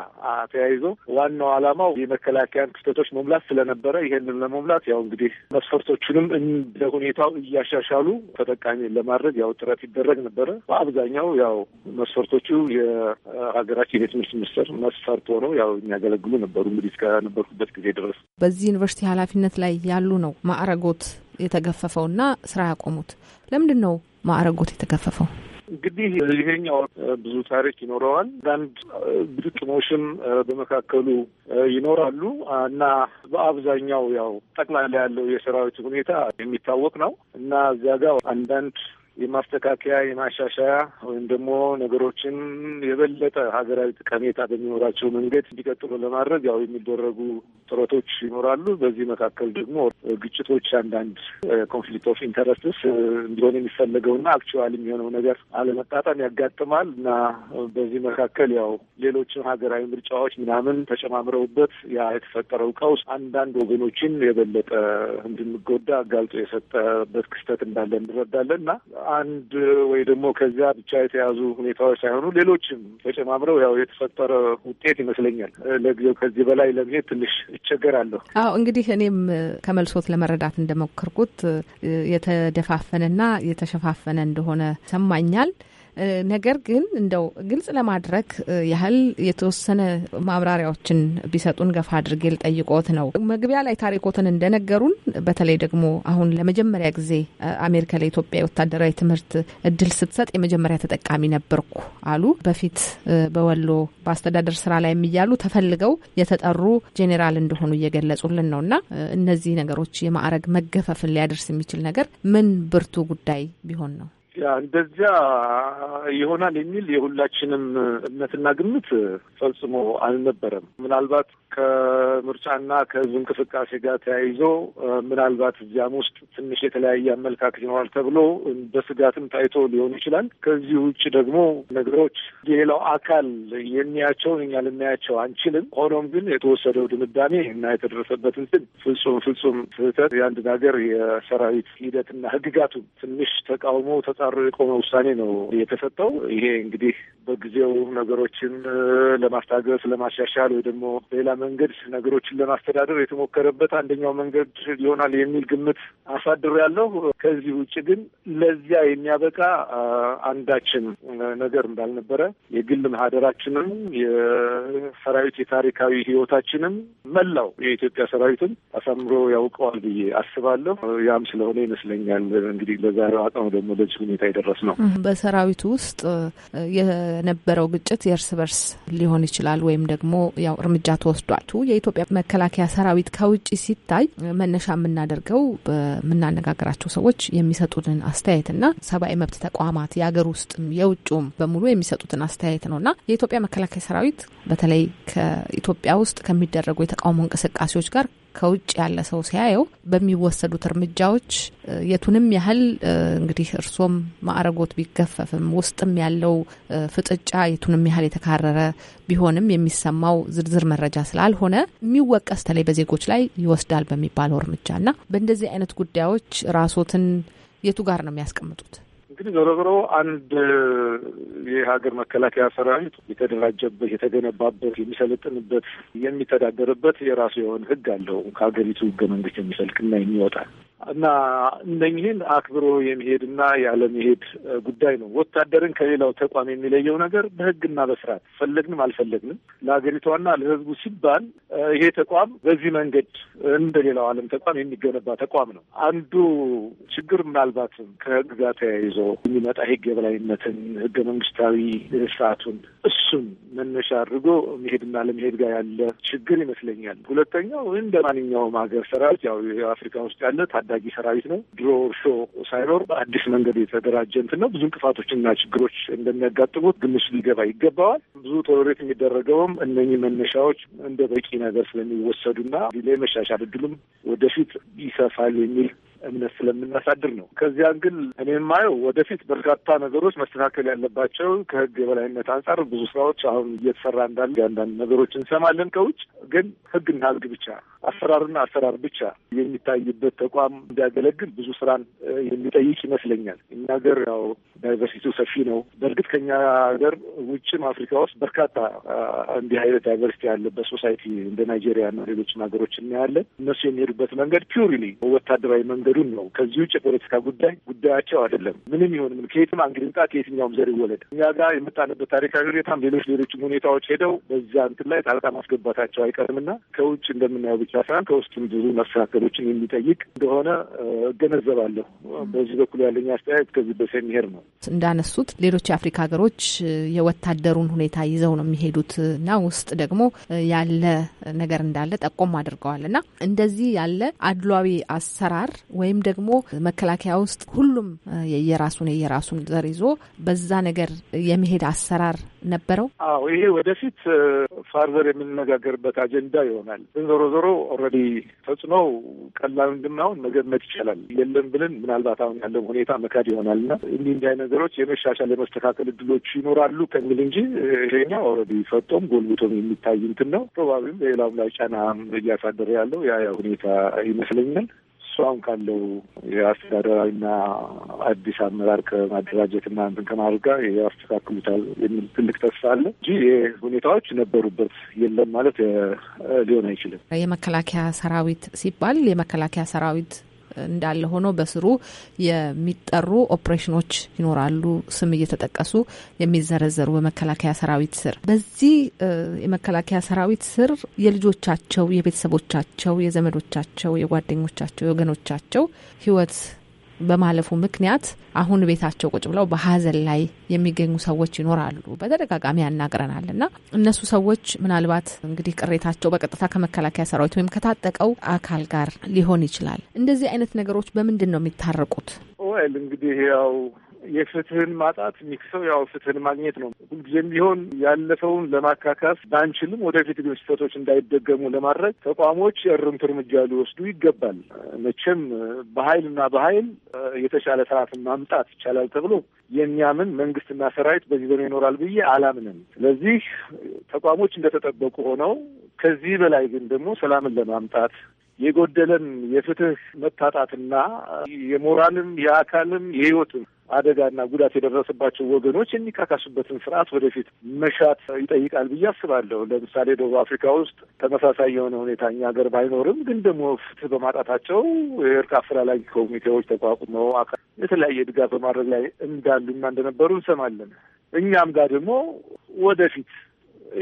ተያይዞ ዋናው ዓላማው የመከላከያን ክፍተቶች መሙላት ስለነበረ ይሄንን ለመሙላት ያው እንግዲህ መስፈርቶቹንም እንደ ሁኔታው እያሻሻሉ ተጠቃሚ ለማድረግ ያው ጥረት ይደረግ ነበረ። በአብዛኛው ያው መስፈርቶቹ የሀገራችን የትምህርት ሚኒስቴር መስፈርት ሆነው ያው የሚያገለግሉ ነበሩ እንግዲህ እስከነበርኩበት ጊዜ ድረስ። በዚህ ዩኒቨርሲቲ ኃላፊነት ላይ ያሉ ነው ማዕረጎት የተገፈፈውና ስራ ያቆሙት ለምንድን ነው? ማዕረጎት የተከፈፈው? እንግዲህ ይሄኛው ብዙ ታሪክ ይኖረዋል። አንዳንድ ግጥሞሽም በመካከሉ ይኖራሉ እና በአብዛኛው ያው ጠቅላላ ያለው የሰራዊት ሁኔታ የሚታወቅ ነው እና እዚያ ጋር አንዳንድ የማስተካከያ የማሻሻያ ወይም ደግሞ ነገሮችን የበለጠ ሀገራዊ ጠቀሜታ በሚኖራቸው መንገድ እንዲቀጥሉ ለማድረግ ያው የሚደረጉ ጥረቶች ይኖራሉ። በዚህ መካከል ደግሞ ግጭቶች፣ አንዳንድ ኮንፍሊክት ኦፍ ኢንተረስትስ እንዲሆን የሚፈለገውና አክቹዋሊ የሚሆነው ነገር አለመጣጣም ያጋጥማል እና በዚህ መካከል ያው ሌሎችም ሀገራዊ ምርጫዎች ምናምን ተጨማምረውበት ያ የተፈጠረው ቀውስ አንዳንድ ወገኖችን የበለጠ እንድንጎዳ አጋልጦ የሰጠበት ክስተት እንዳለ እንረዳለን እና አንድ ወይ ደግሞ ከዚያ ብቻ የተያዙ ሁኔታዎች ሳይሆኑ ሌሎችም ተጨማምረው ያው የተፈጠረ ውጤት ይመስለኛል። ለጊዜው ከዚህ በላይ ለመሄድ ትንሽ ይቸገራለሁ። አዎ እንግዲህ እኔም ከመልሶት ለመረዳት እንደሞከርኩት የተደፋፈነና የተሸፋፈነ እንደሆነ ይሰማኛል። ነገር ግን እንደው ግልጽ ለማድረግ ያህል የተወሰነ ማብራሪያዎችን ቢሰጡን ገፋ አድርጌ ልጠይቆት ነው። መግቢያ ላይ ታሪኮትን እንደነገሩን በተለይ ደግሞ አሁን ለመጀመሪያ ጊዜ አሜሪካ ለኢትዮጵያ የወታደራዊ ትምህርት እድል ስትሰጥ የመጀመሪያ ተጠቃሚ ነበርኩ አሉ። በፊት በወሎ በአስተዳደር ስራ ላይ የሚያሉ ተፈልገው የተጠሩ ጄኔራል እንደሆኑ እየገለጹልን ነው እና እነዚህ ነገሮች የማዕረግ መገፈፍን ሊያደርስ የሚችል ነገር ምን ብርቱ ጉዳይ ቢሆን ነው? እንደዚያ ይሆናል የሚል የሁላችንም እምነትና ግምት ፈጽሞ አልነበረም። ምናልባት ከምርጫና ከህዝብ እንቅስቃሴ ጋር ተያይዞ ምናልባት እዚያም ውስጥ ትንሽ የተለያየ አመለካከት ይኖራል ተብሎ በስጋትም ታይቶ ሊሆን ይችላል። ከዚህ ውጭ ደግሞ ነገሮች የሌላው አካል የሚያቸውን እኛ ልናያቸው አንችልም። ሆኖም ግን የተወሰደው ድምዳሜ እና የተደረሰበት እንትን ፍጹም ፍጹም ስህተት የአንድን ሀገር የሰራዊት ሂደትና ህግጋቱን ትንሽ ተቃውሞ ተጻሮ የቆመ ውሳኔ ነው የተሰጠው። ይሄ እንግዲህ በጊዜው ነገሮችን ለማስታገስ ለማሻሻል ወይ ደግሞ ሌላ መንገድ ነገሮችን ለማስተዳደር የተሞከረበት አንደኛው መንገድ ይሆናል የሚል ግምት አሳድሮ ያለው ከዚህ ውጭ ግን ለዚያ የሚያበቃ አንዳችን ነገር እንዳልነበረ የግል ማህደራችንም የሰራዊት የታሪካዊ ህይወታችንም መላው የኢትዮጵያ ሰራዊትም አሳምሮ ያውቀዋል ብዬ አስባለሁ። ያም ስለሆነ ይመስለኛል እንግዲህ ለዛሬው አቋም ደግሞ ለዚህ ሁኔታ የደረስ ነው። በሰራዊቱ ውስጥ የነበረው ግጭት የእርስ በርስ ሊሆን ይችላል ወይም ደግሞ ያው እርምጃ ተወስዷል አሉ። የኢትዮጵያ መከላከያ ሰራዊት ከውጭ ሲታይ መነሻ የምናደርገው በምናነጋግራቸው ሰዎች የሚሰጡትን አስተያየትና ሰብአዊ መብት ተቋማት የሀገር ውስጥም የውጭም በሙሉ የሚሰጡትን አስተያየት ነውና የኢትዮጵያ መከላከያ ሰራዊት በተለይ ከኢትዮጵያ ውስጥ ከሚደረጉ የተቃውሞ እንቅስቃሴዎች ጋር ከውጭ ያለ ሰው ሲያየው በሚወሰዱት እርምጃዎች የቱንም ያህል እንግዲህ እርሶም ማዕረጎት ቢገፈፍም ውስጥም ያለው ፍጥጫ የቱንም ያህል የተካረረ ቢሆንም የሚሰማው ዝርዝር መረጃ ስላልሆነ የሚወቀስ ተለይ በዜጎች ላይ ይወስዳል በሚባለው እርምጃ እና በእንደዚህ አይነት ጉዳዮች ራሶትን የቱ ጋር ነው የሚያስቀምጡት? እንግዲህ ዞሮ ዞሮ አንድ የሀገር መከላከያ ሰራዊት የተደራጀበት፣ የተገነባበት፣ የሚሰለጥንበት፣ የሚተዳደርበት የራሱ የሆነ ህግ አለው። ከሀገሪቱ ህገ መንግስት የሚሰልቅና የሚወጣ እና እነኝህን አክብሮ የመሄድና ያለመሄድ ጉዳይ ነው። ወታደርን ከሌላው ተቋም የሚለየው ነገር በህግና በስርዓት ፈለግንም አልፈለግንም ለሀገሪቷና ለህዝቡ ሲባል ይሄ ተቋም በዚህ መንገድ እንደ ሌላው ዓለም ተቋም የሚገነባ ተቋም ነው። አንዱ ችግር ምናልባትም ከህግ ጋር ተያይዞ የሚመጣ ህግ የበላይነትን ህገ መንግስታዊ ስርዓቱን እሱን መነሻ አድርጎ መሄድና ለመሄድ ጋር ያለ ችግር ይመስለኛል። ሁለተኛው እንደ ማንኛውም ሀገር ሰራዊት ያው የአፍሪካ ውስጥ ያለ ታዳ ታዳጊ ሰራዊት ነው። ድሮ እርሾ ሳይኖር በአዲስ መንገድ የተደራጀ እንትን ነው። ብዙ እንቅፋቶችና ችግሮች እንደሚያጋጥሙት ግምት ሊገባ ይገባዋል። ብዙ ቶሎሬት የሚደረገውም እነኚህ መነሻዎች እንደ በቂ ነገር ስለሚወሰዱና ሌ የመሻሻል እድሉም ወደፊት ይሰፋል የሚል እምነት ስለምናሳድር ነው። ከዚያን ግን እኔ የማየው ወደፊት በርካታ ነገሮች መስተካከል ያለባቸው ከህግ የበላይነት አንጻር ብዙ ስራዎች አሁን እየተሰራ እንዳለ አንዳንድ ነገሮች እንሰማለን። ከውጭ ግን ህግና ህግ ብቻ አሰራርና አሰራር ብቻ የሚታይበት ተቋም እንዲያገለግል ብዙ ስራን የሚጠይቅ ይመስለኛል። እኛ ሀገር ያው ዳይቨርሲቲው ሰፊ ነው። በእርግጥ ከኛ ሀገር ውጭም አፍሪካ ውስጥ በርካታ እንዲህ አይነት ዳይቨርሲቲ ያለበት ሶሳይቲ እንደ ናይጄሪያ ሌሎችም ሀገሮች እናያለን። እነሱ የሚሄዱበት መንገድ ፒውሪሊ ወታደራዊ መንገድ መውሰዱን ነው። ከዚህ ውጭ የፖለቲካ ጉዳይ ጉዳያቸው አይደለም። ምንም ይሁን ምን ከየትም አንግድ ምጣ ከየትኛውም ዘር ይወለድ እኛ ጋር የመጣንበት ታሪካዊ ሁኔታም ሌሎች ሌሎችም ሁኔታዎች ሄደው በዚያ እንትን ላይ ጣልቃ ማስገባታቸው አይቀርምና ከውጭ እንደምናየው ብቻ ሳይሆን ከውስጥም ብዙ መስተካከሎችን የሚጠይቅ እንደሆነ እገነዘባለሁ። በዚህ በኩል ያለኝ አስተያየት ከዚህ በሰ የሚሄድ ነው። እንዳነሱት ሌሎች የአፍሪካ ሀገሮች የወታደሩን ሁኔታ ይዘው ነው የሚሄዱት እና ውስጥ ደግሞ ያለ ነገር እንዳለ ጠቆም አድርገዋል እና እንደዚህ ያለ አድሏዊ አሰራር ወይም ደግሞ መከላከያ ውስጥ ሁሉም የየራሱን የየራሱን ዘር ይዞ በዛ ነገር የመሄድ አሰራር ነበረው። አዎ ይሄ ወደፊት ፋርዘር የምንነጋገርበት አጀንዳ ይሆናል። ግን ዞሮ ዞሮ ኦልሬዲ ተጽዕኖ ቀላል እንድናሁን መገመት ይቻላል። የለም ብለን ምናልባት አሁን ያለው ሁኔታ መካድ ይሆናል እና እንዲህ እንዲህ አይነት ነገሮች የመሻሻል የመስተካከል እድሎች ይኖራሉ ከሚል እንጂ ይሄኛው ኦልሬዲ ፈጦም ጎልብቶም የሚታይ እንትን ነው። ፕሮባብሊም ሌላውም ላይ ጫና እያሳደረ ያለው ያ ሁኔታ ይመስለኛል። አሁን ካለው የአስተዳደራዊና አዲስ አመራር ከማደራጀትና እንትን ከማድረግ ጋር ያስተካክሉታል የሚል ትልቅ ተስፋ አለ እንጂ ሁኔታዎች ነበሩበት የለም ማለት ሊሆን አይችልም። የመከላከያ ሰራዊት ሲባል የመከላከያ ሰራዊት እንዳለ ሆኖ በስሩ የሚጠሩ ኦፕሬሽኖች ይኖራሉ። ስም እየተጠቀሱ የሚዘረዘሩ በመከላከያ ሰራዊት ስር በዚህ የመከላከያ ሰራዊት ስር የልጆቻቸው፣ የቤተሰቦቻቸው፣ የዘመዶቻቸው፣ የጓደኞቻቸው፣ የወገኖቻቸው ህይወት በማለፉ ምክንያት አሁን ቤታቸው ቁጭ ብለው በሀዘን ላይ የሚገኙ ሰዎች ይኖራሉ። በተደጋጋሚ ያናግረናል እና እነሱ ሰዎች ምናልባት እንግዲህ ቅሬታቸው በቀጥታ ከመከላከያ ሰራዊት ወይም ከታጠቀው አካል ጋር ሊሆን ይችላል። እንደዚህ አይነት ነገሮች በምንድን ነው የሚታረቁት? ወይል እንግዲህ ያው የፍትህን ማጣት የሚክሰው ያው ፍትህን ማግኘት ነው። ሁልጊዜም ቢሆን ያለፈውን ለማካካስ ባንችልም ወደፊት ግን ስህተቶች እንዳይደገሙ ለማድረግ ተቋሞች እርምት እርምጃ ሊወስዱ ይገባል። መቼም በኃይልና እና በኃይል የተሻለ ስርዓትን ማምጣት ይቻላል ተብሎ የሚያምን መንግስትና ሰራዊት በዚህ ዘመን ይኖራል ብዬ አላምንም። ስለዚህ ተቋሞች እንደተጠበቁ ሆነው ከዚህ በላይ ግን ደግሞ ሰላምን ለማምጣት የጎደለን የፍትህ መታጣትና የሞራልም የአካልም የህይወትም አደጋና ጉዳት የደረሰባቸው ወገኖች የሚካካሱበትን ስርዓት ወደፊት መሻት ይጠይቃል ብዬ አስባለሁ። ለምሳሌ ደቡብ አፍሪካ ውስጥ ተመሳሳይ የሆነ ሁኔታ እኛ ሀገር ባይኖርም ግን ደግሞ ፍትህ በማጣታቸው የእርቅ አፈላላጊ ኮሚቴዎች ተቋቁመው አካል የተለያየ ድጋፍ በማድረግ ላይ እንዳሉና እንደነበሩ እንሰማለን። እኛም ጋር ደግሞ ወደፊት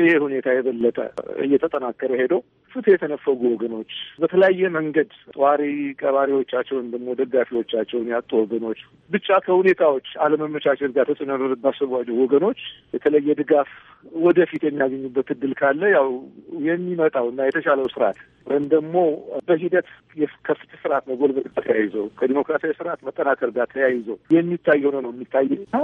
ይሄ ሁኔታ የበለጠ እየተጠናከረ ሄዶ ፍትህ የተነፈጉ ወገኖች በተለያየ መንገድ ጠዋሪ ቀባሪዎቻቸውን ደግሞ ደጋፊዎቻቸውን ያጡ ወገኖች ብቻ ከሁኔታዎች አለመመቻቸት ጋር ተጽዕኖ ወገኖች የተለየ ድጋፍ ወደፊት የሚያገኙበት እድል ካለ ያው የሚመጣው እና የተሻለው ስርዓት ወይም ደግሞ በሂደት ከፍትህ ስርዓት መጎልበት ጋር ተያይዞ ከዲሞክራሲያዊ ስርዓት መጠናከር ጋር ተያይዞ የሚታየው ነው ነው የሚታይና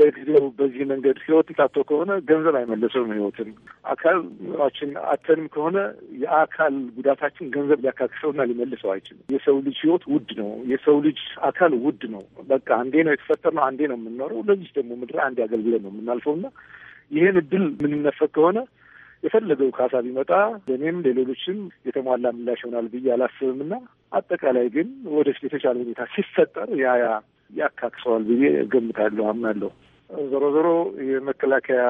ለጊዜው በዚህ መንገድ ህይወት ታቶ ከሆነ ገንዘብ አይመለሰውም። ህይወትን አካል ኑሯችን አተንም ከሆነ የአካል ጉዳታችን ገንዘብ ሊያካክሰውና ሊመልሰው አይችልም። የሰው ልጅ ህይወት ውድ ነው። የሰው ልጅ አካል ውድ ነው። በቃ አንዴ ነው የተፈጠርነው፣ አንዴ ነው የምንኖረው። ለዚህ ደግሞ ምድር አንድ ያገልግለን ነው የምናልፈውና ይህን እድል የምንነፈግ ከሆነ የፈለገው ካሳ ቢመጣ ለእኔም ለሌሎችም የተሟላ ምላሽ ይሆናል ብዬ አላስብም አጠቃላይ ግን ወደፊት የተሻለ ሁኔታ ሲፈጠር ያ ያ ያካክሰዋል ብዬ ገምታለሁ፣ አምናለሁ። ዞሮ ዞሮ የመከላከያ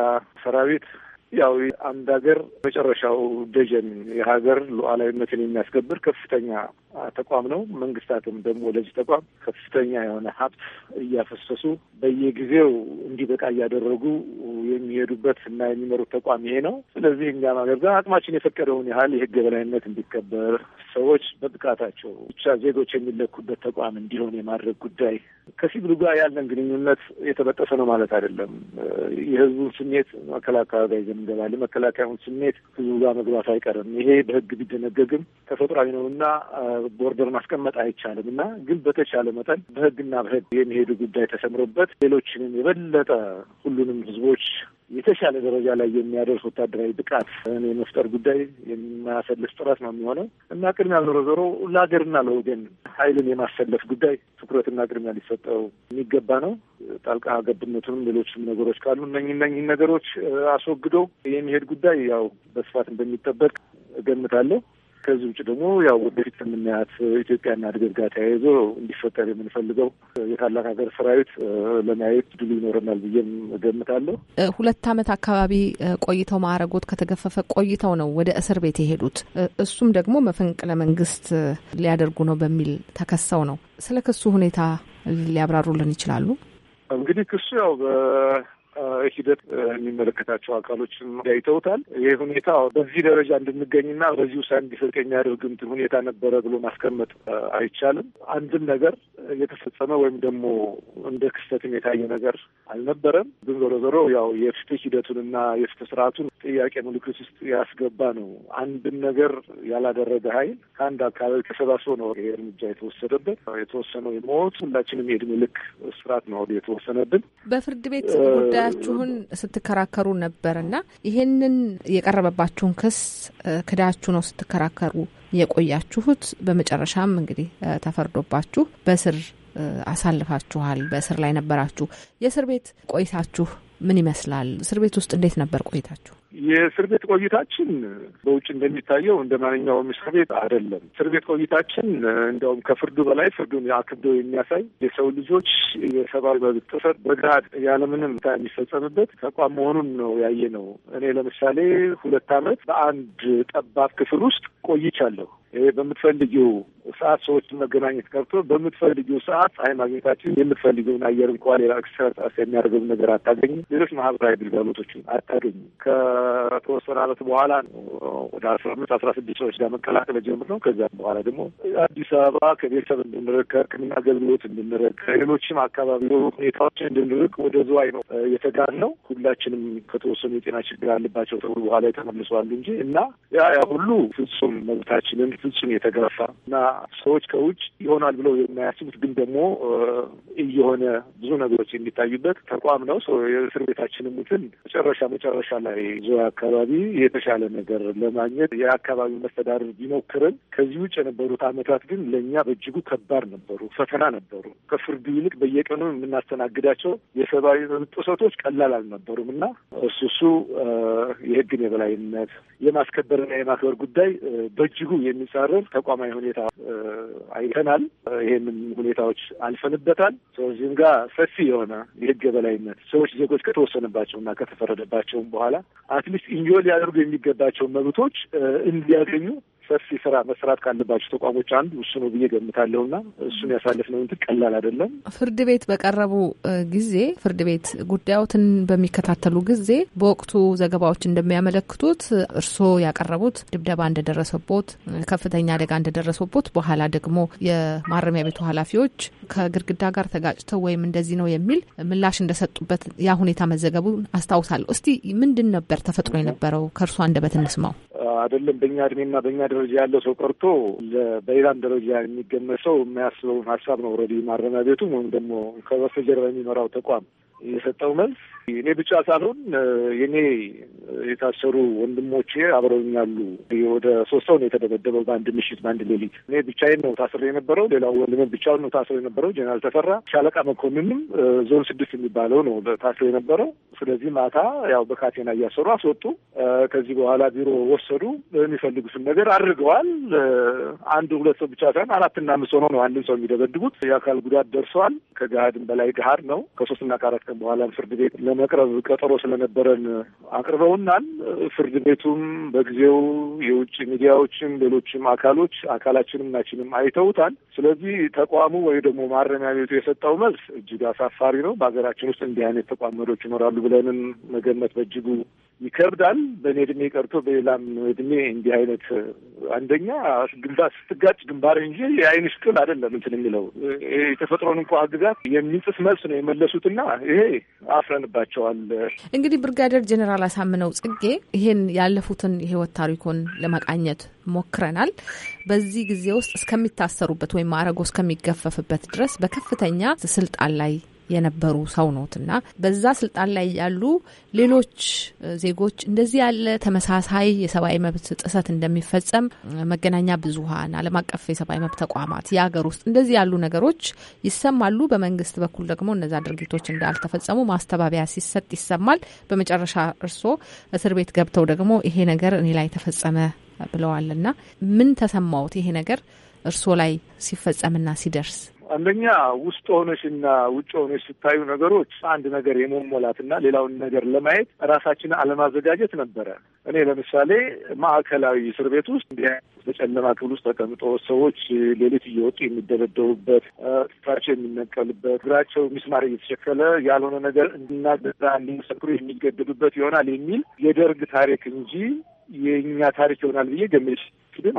ሰራዊት ያው አንድ ሀገር መጨረሻው ደጀን የሀገር ሉዓላዊነትን የሚያስከብር ከፍተኛ ተቋም ነው። መንግስታትም ደግሞ ወደዚህ ተቋም ከፍተኛ የሆነ ሀብት እያፈሰሱ በየጊዜው እንዲበቃ እያደረጉ የሚሄዱበት እና የሚመሩት ተቋም ይሄ ነው። ስለዚህ እኛም ሀገር ጋር አቅማችን የፈቀደውን ያህል የህግ የበላይነት እንዲከበር ሰዎች በብቃታቸው ብቻ ዜጎች የሚለኩበት ተቋም እንዲሆን የማድረግ ጉዳይ ከሲቪሉ ጋር ያለን ግንኙነት የተበጠሰ ነው ማለት አይደለም። የህዝቡን ስሜት መከላከያ ጋር እንገባለን። መከላከያውን ስሜት ህዝቡ ጋር መግባት አይቀርም። ይሄ በህግ ቢደነገግም ተፈጥሯዊ ነው እና ቦርደር ማስቀመጥ አይቻልም እና ግን በተቻለ መጠን በህግና በህግ የሚሄዱ ጉዳይ ተሰምሮበት ሌሎችንም የበለጠ ሁሉንም ህዝቦች የተሻለ ደረጃ ላይ የሚያደርስ ወታደራዊ ብቃት የመፍጠር ጉዳይ የማያሰልስ ጥረት ነው የሚሆነው እና ቅድሚያ ዞሮ ዞሮ ለሀገርና ለወገን ኃይልን የማሰለፍ ጉዳይ ትኩረትና ቅድሚያ ሊሰጠው የሚገባ ነው። ጣልቃ ገብነቱንም ሌሎችም ነገሮች ካሉ እነኝ እነኝን ነገሮች አስወግዶ የሚሄድ ጉዳይ ያው በስፋት እንደሚጠበቅ እገምታለሁ። ከዚህ ውጭ ደግሞ ያው ወደፊት የምናያት ኢትዮጵያና እድገት ጋር ተያይዞ እንዲፈጠር የምንፈልገው የታላቅ ሀገር ሰራዊት ለማየት ድሉ ይኖረናል ብዬም እገምታለሁ። ሁለት ዓመት አካባቢ ቆይተው ማዕረጎት ከተገፈፈ ቆይተው ነው ወደ እስር ቤት የሄዱት። እሱም ደግሞ መፈንቅለ መንግስት ሊያደርጉ ነው በሚል ተከሰው ነው። ስለ ክሱ ሁኔታ ሊያብራሩልን ይችላሉ? እንግዲህ ክሱ ያው ሂደት የሚመለከታቸው አካሎችም ዳይተውታል። ይህ ሁኔታ በዚህ ደረጃ እንድንገኝና በዚህ ውሳኔ እንዲሰጥ የሚያደርግ እንትን ሁኔታ ነበረ ብሎ ማስቀመጥ አይቻልም። አንድም ነገር የተፈጸመ ወይም ደግሞ እንደ ክስተትም የታየ ነገር አልነበረም። ግን ዞሮ ዞሮ ያው የፍትህ ሂደቱንና የፍትህ ስርዓቱን ጥያቄ ምልክት ውስጥ ያስገባ ነው። አንድም ነገር ያላደረገ ኃይል ከአንድ አካባቢ ተሰባስቦ ነው ይሄ እርምጃ የተወሰደበት። የተወሰነው የሞት ሁላችንም የእድሜ ልክ እስራት ነው የተወሰነብን በፍርድ ቤት ጉዳይ ጉዳያችሁን ስትከራከሩ ነበር እና ይሄንን የቀረበባችሁን ክስ ክዳችሁ ነው ስትከራከሩ የቆያችሁት። በመጨረሻም እንግዲህ ተፈርዶባችሁ በእስር አሳልፋችኋል። በእስር ላይ ነበራችሁ። የእስር ቤት ቆይታችሁ ምን ይመስላል? እስር ቤት ውስጥ እንዴት ነበር ቆይታችሁ? የእስር ቤት ቆይታችን በውጭ እንደሚታየው እንደ ማንኛውም እስር ቤት አይደለም። እስር ቤት ቆይታችን እንዲያውም ከፍርዱ በላይ ፍርዱን አክብዶ የሚያሳይ የሰው ልጆች የሰብአዊ መብት ጥሰት በግሃድ ያለምንም ታ የሚፈጸምበት ተቋም መሆኑን ነው ያየ ነው። እኔ ለምሳሌ ሁለት ዓመት በአንድ ጠባብ ክፍል ውስጥ ቆይቻለሁ። በምትፈልጊው ሰዓት ሰዎችን መገናኘት ቀርቶ በምትፈልጊው ሰዓት ፀሐይ ማግኘታችን የምትፈልጊውን አየር እንኳ ሌላ ኤክስትራስ የሚያደርገው ነገር አታገኝም። ሌሎች ማህበራዊ ግልጋሎቶችን አታገኝም። ከተወሰነ ዓመት በኋላ ነው ወደ አስራ አምስት አስራ ስድስት ሰዎች ጋር መቀላቀል ጀምር ነው። ከዚያም በኋላ ደግሞ አዲስ አበባ ከቤተሰብ እንድንርቅ፣ ከሕክምና አገልግሎት እንድንርቅ፣ ከሌሎችም አካባቢ ሁኔታዎች እንድንርቅ ወደ ዝዋይ ነው የተጋር ነው። ሁላችንም ከተወሰኑ የጤና ችግር አለባቸው ተብሎ በኋላ የተመልሷሉ እንጂ እና ያ ያ ሁሉ ፍጹም መብታችንን ፍጹም የተገፋ እና ሰዎች ከውጭ ይሆናል ብለው የማያስቡት ግን ደግሞ እየሆነ ብዙ ነገሮች የሚታዩበት ተቋም ነው። የእስር ቤታችንም እንትን መጨረሻ መጨረሻ ላይ ዙሪያ አካባቢ የተሻለ ነገር ለማግኘት የአካባቢው መስተዳድር ቢሞክርም ከዚህ ውጭ የነበሩት አመታት ግን ለእኛ በእጅጉ ከባድ ነበሩ፣ ፈተና ነበሩ። ከፍርዱ ይልቅ በየቀኑ የምናስተናግዳቸው የሰብአዊ ጥሰቶች ቀላል አልነበሩም እና እሱ እሱ የህግን የበላይነት የማስከበርና የማክበር ጉዳይ በእጅጉ የሚ እንዲጻረር ተቋማዊ ሁኔታ አይተናል። ይህንም ሁኔታዎች አልፈንበታል። ስለዚህም ጋር ሰፊ የሆነ የህግ የበላይነት ሰዎች ዜጎች ከተወሰነባቸው እና ከተፈረደባቸውም በኋላ አትሊስት ኢንጆይ ሊያደርጉ የሚገባቸው መብቶች እንዲያገኙ ሰፊ ስራ መስራት ካለባቸው ተቋሞች አንዱ እሱ ነው ብዬ ገምታለሁ። ና እሱን ያሳለፍነው እንትን ቀላል አይደለም። ፍርድ ቤት በቀረቡ ጊዜ ፍርድ ቤት ጉዳዮትን በሚከታተሉ ጊዜ በወቅቱ ዘገባዎች እንደሚያመለክቱት እርስዎ ያቀረቡት ድብደባ እንደደረሰቦት፣ ከፍተኛ አደጋ እንደደረሰቦት በኋላ ደግሞ የማረሚያ ቤቱ ኃላፊዎች ከግድግዳ ጋር ተጋጭተው ወይም እንደዚህ ነው የሚል ምላሽ እንደሰጡበት ያ ሁኔታ መዘገቡን አስታውሳለሁ። እስቲ ምንድን ነበር ተፈጥሮ የነበረው? ከእርሷ አንደበት እንስማው። አይደለም በእኛ እድሜና በእኛ ደረጃ ያለው ሰው ቀርቶ በሌላም ደረጃ የሚገመት ሰው የሚያስበውን ሀሳብ ነው ረዲ ማረሚያ ቤቱም ወይም ደግሞ ከበስተጀርባ የሚመራው ተቋም የሰጠው መልስ የኔ ብቻ ሳልሆን የኔ የታሰሩ ወንድሞቼ አብረውኝ ያሉ ወደ ሶስት ሰው ነው የተደበደበው በአንድ ምሽት በአንድ ሌሊት። እኔ ብቻዬን ነው ታስሬ የነበረው። ሌላው ወንድም ብቻውን ነው ታስሮ የነበረው። ጀነራል ተፈራ ሻለቃ መኮንንም ዞን ስድስት የሚባለው ነው ታስሮ የነበረው። ስለዚህ ማታ ያው በካቴና እያሰሩ አስወጡ። ከዚህ በኋላ ቢሮ ወሰዱ። የሚፈልጉትን ነገር አድርገዋል። አንድ ሁለት ሰው ብቻ ሳይሆን አራትና አምስት ሆነው ነው አንድን ሰው የሚደበድቡት። የአካል ጉዳት ደርሰዋል። ከገሃድም በላይ ገሃድ ነው። ከሶስትና ከአራት ቀን በኋላ ፍርድ ቤት ለመቅረብ ቀጠሮ ስለነበረን አቅርበውናል። ፍርድ ቤቱም በጊዜው የውጭ ሚዲያዎችም ሌሎችም አካሎች አካላችንም ናችንም አይተውታል። ስለዚህ ተቋሙ ወይ ደግሞ ማረሚያ ቤቱ የሰጠው መልስ እጅግ አሳፋሪ ነው። በሀገራችን ውስጥ እንዲህ አይነት ተቋም መሪዎች ይኖራሉ ብለንም መገመት በእጅጉ ይከብዳል። በእኔ እድሜ ቀርቶ በሌላም እድሜ እንዲህ አይነት አንደኛ ግልዳ ስትጋጭ ግንባር እንጂ የአይንሽ ጥል አይደለም እንትን የሚለው የተፈጥሮን እንኳ አግዛት የሚንጽስ መልስ ነው የመለሱትና ይሄ አፍረንባቸዋል። እንግዲህ ብርጋዴር ጀኔራል አሳምነው ጽጌ ይሄን ያለፉትን የህይወት ታሪኮን ለመቃኘት ሞክረናል። በዚህ ጊዜ ውስጥ እስከሚታሰሩበት ወይም ማዕረጎ እስከሚገፈፍበት ድረስ በከፍተኛ ስልጣን ላይ የነበሩ ሰው ኖትና በዛ ስልጣን ላይ ያሉ ሌሎች ዜጎች እንደዚህ ያለ ተመሳሳይ የሰብአዊ መብት ጥሰት እንደሚፈጸም መገናኛ ብዙኃን፣ ዓለም አቀፍ የሰብአዊ መብት ተቋማት፣ የሀገር ውስጥ እንደዚህ ያሉ ነገሮች ይሰማሉ። በመንግስት በኩል ደግሞ እነዛ ድርጊቶች እንዳልተፈጸሙ ማስተባበያ ሲሰጥ ይሰማል። በመጨረሻ እርስዎ እስር ቤት ገብተው ደግሞ ይሄ ነገር እኔ ላይ ተፈጸመ ብለዋልና ምን ተሰማዎት? ይሄ ነገር እርስዎ ላይ ሲፈጸምና ሲደርስ አንደኛ ውስጥ እና ውጭ ሆነሽ ስታዩ ነገሮች አንድ ነገር የመሞላትና ሌላውን ነገር ለማየት ራሳችንን አለማዘጋጀት ነበረ። እኔ ለምሳሌ ማዕከላዊ እስር ቤት ውስጥ በጨለማ ክፍል ውስጥ ተቀምጦ ሰዎች ሌሊት እየወጡ የሚደበደቡበት፣ ፊታቸው የሚነቀልበት፣ እግራቸው ሚስማር እየተሸከለ ያልሆነ ነገር እንዲናገራ እንዲመሰክሩ የሚገደዱበት ይሆናል የሚል የደርግ ታሪክ እንጂ የእኛ ታሪክ ይሆናል ብዬ ገምቼ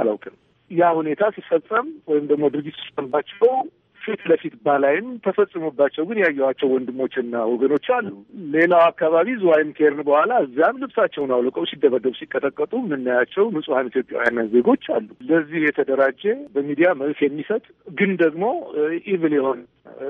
አላውቅም። ያ ሁኔታ ሲፈጸም ወይም ደግሞ ድርጊት ሲፈጸምባቸው ፊት ለፊት ባላይም ተፈጽሞባቸው ግን ያየኋቸው ወንድሞችና ወገኖች አሉ። ሌላው አካባቢ ዝዋይም ኬርን በኋላ እዚያም ልብሳቸውን አውልቀው ሲደበደቡ ሲቀጠቀጡ የምናያቸው ንጹሐን ኢትዮጵያውያን ዜጎች አሉ። ለዚህ የተደራጀ በሚዲያ መልስ የሚሰጥ ግን ደግሞ ኢቭል የሆነ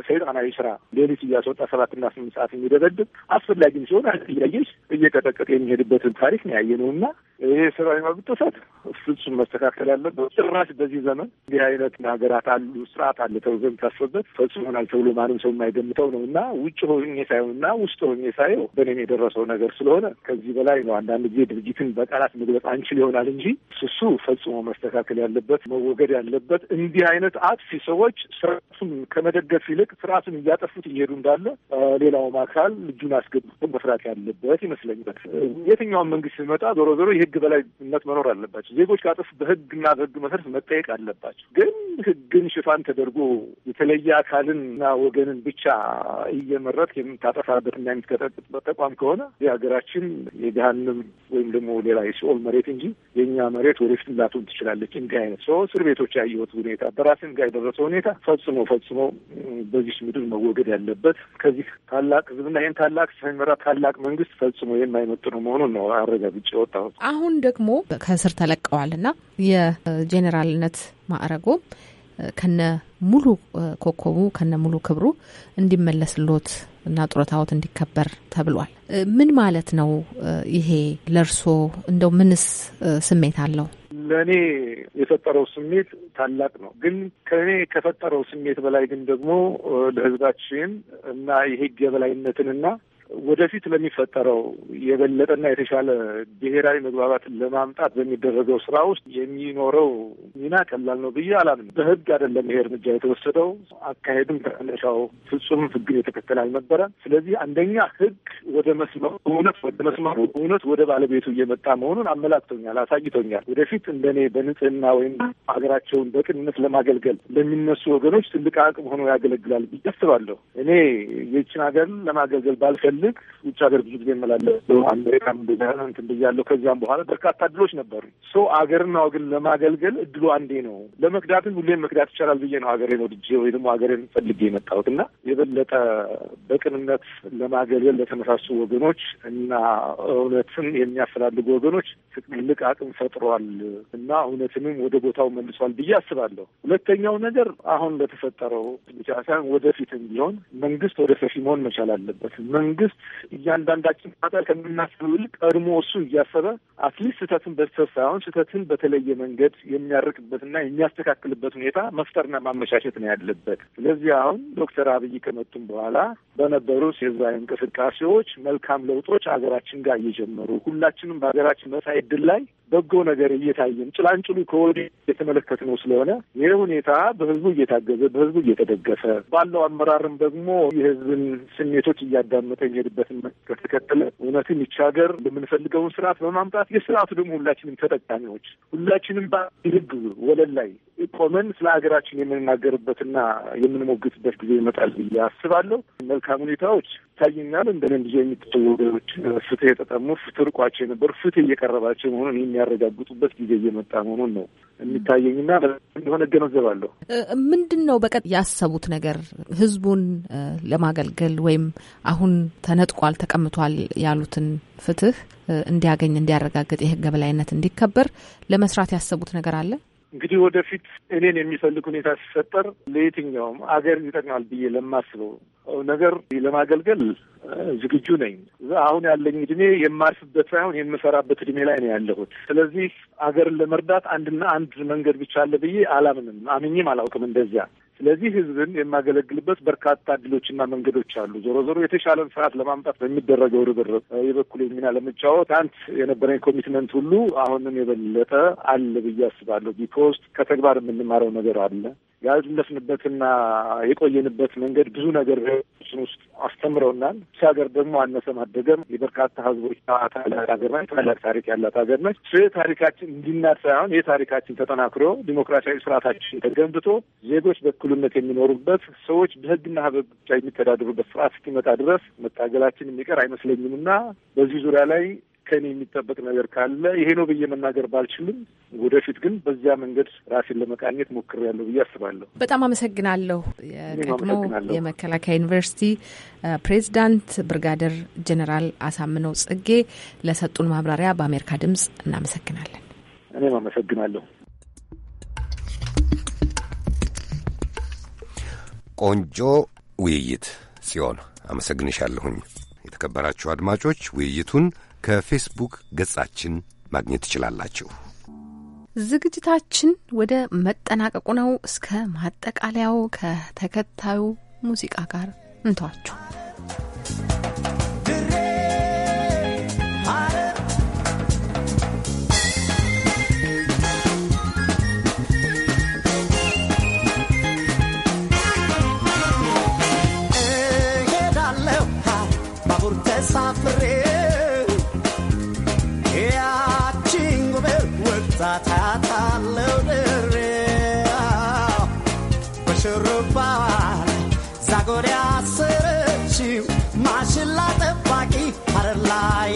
ሰይጣናዊ ስራ ሌሊት እያስወጣ ሰባትና ስምንት ሰዓት የሚደበድብ አስፈላጊም ሲሆን እያየሽ እየቀጠቀጠ የሚሄድበትን ታሪክ ነው እና ይሄ ሰብአዊ መብት ጥሰት ፍጹም መስተካከል ያለበት ጭራሽ በዚህ ዘመን እንዲህ አይነት ሀገራት አሉ፣ ስርዓት አለ ተብሎ የሚታሰብበት ፈጽሞናል ተብሎ ማንም ሰው የማይገምተው ነው እና ውጭ ሆኜ ሳየው እና ውስጥ ሆኜ ሳየው በእኔም የደረሰው ነገር ስለሆነ ከዚህ በላይ ነው። አንዳንድ ጊዜ ድርጅትን በቃላት መግለጽ አንችል ይሆናል እንጂ እሱ ፈጽሞ መስተካከል ያለበት መወገድ ያለበት እንዲህ አይነት አጥፊ ሰዎች ስርዓቱን ከመደገፍ ይልቅ ስርዓቱን እያጠፉት እየሄዱ እንዳለ ሌላውም አካል ልጁን አስገብቶ መስራት ያለበት ይመስለኛል። የትኛውም መንግስት ሲመጣ ዞሮ ዞሮ ይሄ የህግ በላይነት መኖር አለባቸው። ዜጎች ከአጥፍ በህግና በህግ መሰረት መጠየቅ አለባቸው። ግን ህግን ሽፋን ተደርጎ የተለየ አካልንና ወገንን ብቻ እየመረጥ የምታጠፋበት እና የምትቀጠቅጥበት ተቋም ከሆነ የሀገራችን የገሃንም ወይም ደግሞ ሌላ የሲኦል መሬት እንጂ የእኛ መሬት ወደፊት ላትሆን ትችላለች። እንዲህ አይነት ሰው እስር ቤቶች ያየሁት ሁኔታ በራስን ጋር የደረሰ ሁኔታ ፈጽሞ ፈጽሞ በዚህ ምድር መወገድ ያለበት ከዚህ ታላቅ ህዝብና ይህን ታላቅ ሳይመራ ታላቅ መንግስት ፈጽሞ የማይመጥኑ መሆኑን ነው አረጋግጬ የወጣሁት። አሁን ደግሞ ከእስር ተለቀዋልና የጄኔራልነት ማዕረጎ ከነ ሙሉ ኮከቡ ከነ ሙሉ ክብሩ እንዲመለስሎት እና ጡረታዎት እንዲከበር ተብሏል። ምን ማለት ነው ይሄ? ለእርሶ እንደው ምንስ ስሜት አለው? ለእኔ የፈጠረው ስሜት ታላቅ ነው። ግን ከእኔ ከፈጠረው ስሜት በላይ ግን ደግሞ ለሕዝባችን እና የህግ የበላይነትንና ወደፊት ለሚፈጠረው የበለጠና የተሻለ ብሔራዊ መግባባትን ለማምጣት በሚደረገው ስራ ውስጥ የሚኖረው ሚና ቀላል ነው ብዬ አላምን። በህግ አይደለም ይሄ እርምጃ የተወሰደው፣ አካሄድም ከመነሻው ፍጹም ህግን የተከተል አልነበረ። ስለዚህ አንደኛ ህግ ወደ መስመሩ እውነት ወደ መስመሩ እውነት ወደ ባለቤቱ እየመጣ መሆኑን አመላክቶኛል፣ አሳይቶኛል። ወደፊት እንደኔ በንጽህና ወይም ሀገራቸውን በቅንነት ለማገልገል ለሚነሱ ወገኖች ትልቅ አቅም ሆኖ ያገለግላል ብዬ አስባለሁ። እኔ ይህችን ሀገር ለማገልገል ባልፈል ስፈልግ ውጭ ሀገር ብዙ ጊዜ መላለሁ። አሜሪካ እንትን ብያለሁ። ከዚያም በኋላ በርካታ እድሎች ነበሩ። ሶ አገርን ወገን ለማገልገል እድሉ አንዴ ነው። ለመክዳትም ሁሌም መክዳት ይቻላል ብዬ ነው ሀገሬን ወድጄ ወይ ደግሞ ሀገሬን ፈልጌ የመጣሁት እና የበለጠ በቅንነት ለማገልገል ለተመሳሱ ወገኖች እና እውነትን የሚያፈላልጉ ወገኖች ትልቅ አቅም ፈጥሯል እና እውነትንም ወደ ቦታው መልሷል ብዬ አስባለሁ። ሁለተኛው ነገር አሁን ለተፈጠረው ብቻ ሳይሆን ወደፊትም ቢሆን መንግስት ወደ ሰፊ መሆን መቻል አለበት። መንግስት መንግስት እያንዳንዳችን ጣጣ ከምናስበው ይልቅ ቀድሞ እሱ እያሰበ አትሊስት ስህተትን በስተት ሳይሆን ስህተትን በተለየ መንገድ የሚያርቅበትና የሚያስተካክልበት ሁኔታ መፍጠርና ማመቻቸት ነው ያለበት። ስለዚህ አሁን ዶክተር አብይ ከመጡም በኋላ በነበሩት የህዝባዊ እንቅስቃሴዎች መልካም ለውጦች ሀገራችን ጋር እየጀመሩ ሁላችንም በሀገራችን መሳይ ድል ላይ በጎ ነገር እየታየን ጭላንጭሉ ከወዲህ የተመለከትነው ስለሆነ ይህ ሁኔታ በህዝቡ እየታገዘ በህዝቡ እየተደገፈ ባለው አመራርም ደግሞ የህዝብን ስሜቶች እያዳመጠ የሚሄድበትን ከተከተለ እውነትም ሀገር የምንፈልገውን ስርዓት በማምጣት የስርዓቱ ደግሞ ሁላችንም ተጠቃሚዎች ሁላችንም በህግ ወለል ላይ ቆመን ስለ ሀገራችን የምንናገርበትና የምንሞግትበት ጊዜ ይመጣል ብዬ አስባለሁ። መልካም ሁኔታዎች ይታይኛል። እንደኔ ብዙ የሚጥጡ ወገኖች ፍትህ የተጠሙ ፍትህ ርቋቸው የነበሩ ፍትህ እየቀረባቸው መሆኑን የሚያረጋግጡበት ጊዜ እየመጣ መሆኑን ነው የሚታየኝና እንደሆነ እገነዘባለሁ። ምንድን ነው በቀጥ ያሰቡት ነገር ህዝቡን ለማገልገል ወይም አሁን ተነጥቋል ተቀምጧል ያሉትን ፍትህ እንዲያገኝ እንዲያረጋግጥ የህግ የበላይነት እንዲከበር ለመስራት ያሰቡት ነገር አለ? እንግዲህ ወደፊት እኔን የሚፈልግ ሁኔታ ሲፈጠር ለየትኛውም አገር ይጠቅማል ብዬ ለማስበው ነገር ለማገልገል ዝግጁ ነኝ። አሁን ያለኝ እድሜ የማርፍበት ሳይሆን የምሰራበት እድሜ ላይ ነው ያለሁት። ስለዚህ አገርን ለመርዳት አንድና አንድ መንገድ ብቻ አለ ብዬ አላምንም፣ አምኝም አላውቅም እንደዚያ ስለዚህ ህዝብን የማገለግልበት በርካታ እድሎችና መንገዶች አሉ። ዞሮ ዞሮ የተሻለን ስርዓት ለማምጣት በሚደረገው ርብርብ የበኩል የሚና ለመጫወት አንት የነበረኝ ኮሚትመንት ሁሉ አሁንም የበለጠ አለ ብዬ አስባለሁ። ቢኮዝ ከተግባር የምንማረው ነገር አለ። ያለፍንበትና የቆየንበት መንገድ ብዙ ነገር ችን ውስጥ አስተምረውናል። ሀገር ደግሞ አነሰም አደገም የበርካታ ህዝቦች ታላቅ ሀገር ናት። ታላቅ ታሪክ ያላት ሀገር ነች። ይህ ታሪካችን እንዲናድ ሳይሆን ይህ ታሪካችን ተጠናክሮ ዲሞክራሲያዊ ስርዓታችን ተገንብቶ ዜጎች በእኩልነት የሚኖሩበት ሰዎች በህግና ሕግ ብቻ የሚተዳደሩበት ስርዓት እስኪመጣ ድረስ መታገላችን የሚቀር አይመስለኝም እና በዚህ ዙሪያ ላይ ከኔ የሚጠበቅ ነገር ካለ ይሄ ነው ብዬ መናገር ባልችልም፣ ወደፊት ግን በዚያ መንገድ ራሴን ለመቃኘት ሞክሬያለሁ ብዬ አስባለሁ። በጣም አመሰግናለሁ። የቀድሞ የመከላከያ ዩኒቨርሲቲ ፕሬዚዳንት ብርጋደር ጀኔራል አሳምነው ጽጌ ለሰጡን ማብራሪያ በአሜሪካ ድምጽ እናመሰግናለን። እኔም አመሰግናለሁ። ቆንጆ ውይይት ሲሆን አመሰግንሻለሁኝ። የተከበራችሁ አድማጮች ውይይቱን ከፌስቡክ ገጻችን ማግኘት ትችላላችሁ። ዝግጅታችን ወደ መጠናቀቁ ነው። እስከ ማጠቃለያው ከተከታዩ ሙዚቃ ጋር እንተዋችሁ።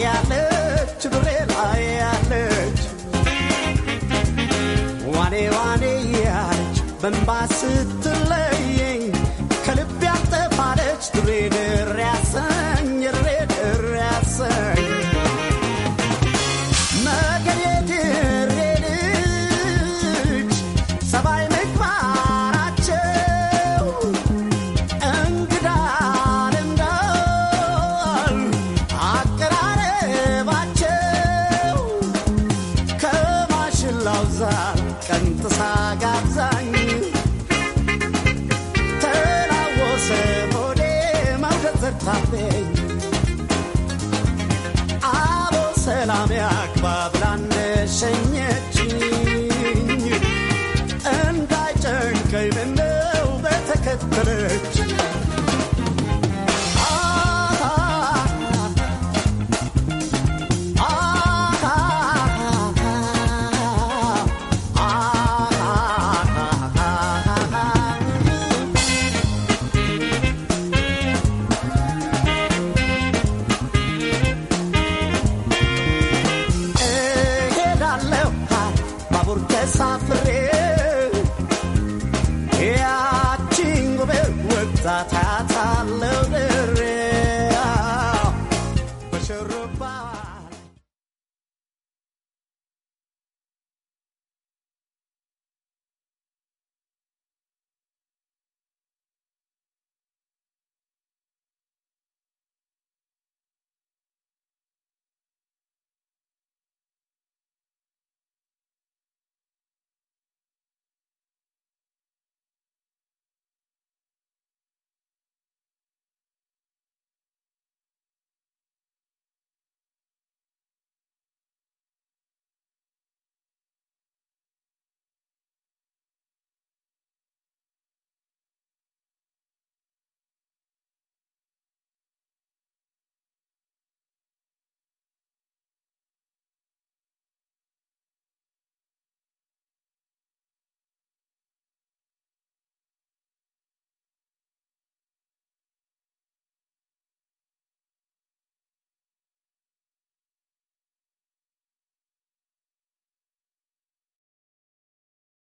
ያለች ዱሬ ላይ ያለች ዋኔ ዋኔ ያለች በንባ ስትለየኝ ከልብ ያጠፋለች ዱሬ ድሪያ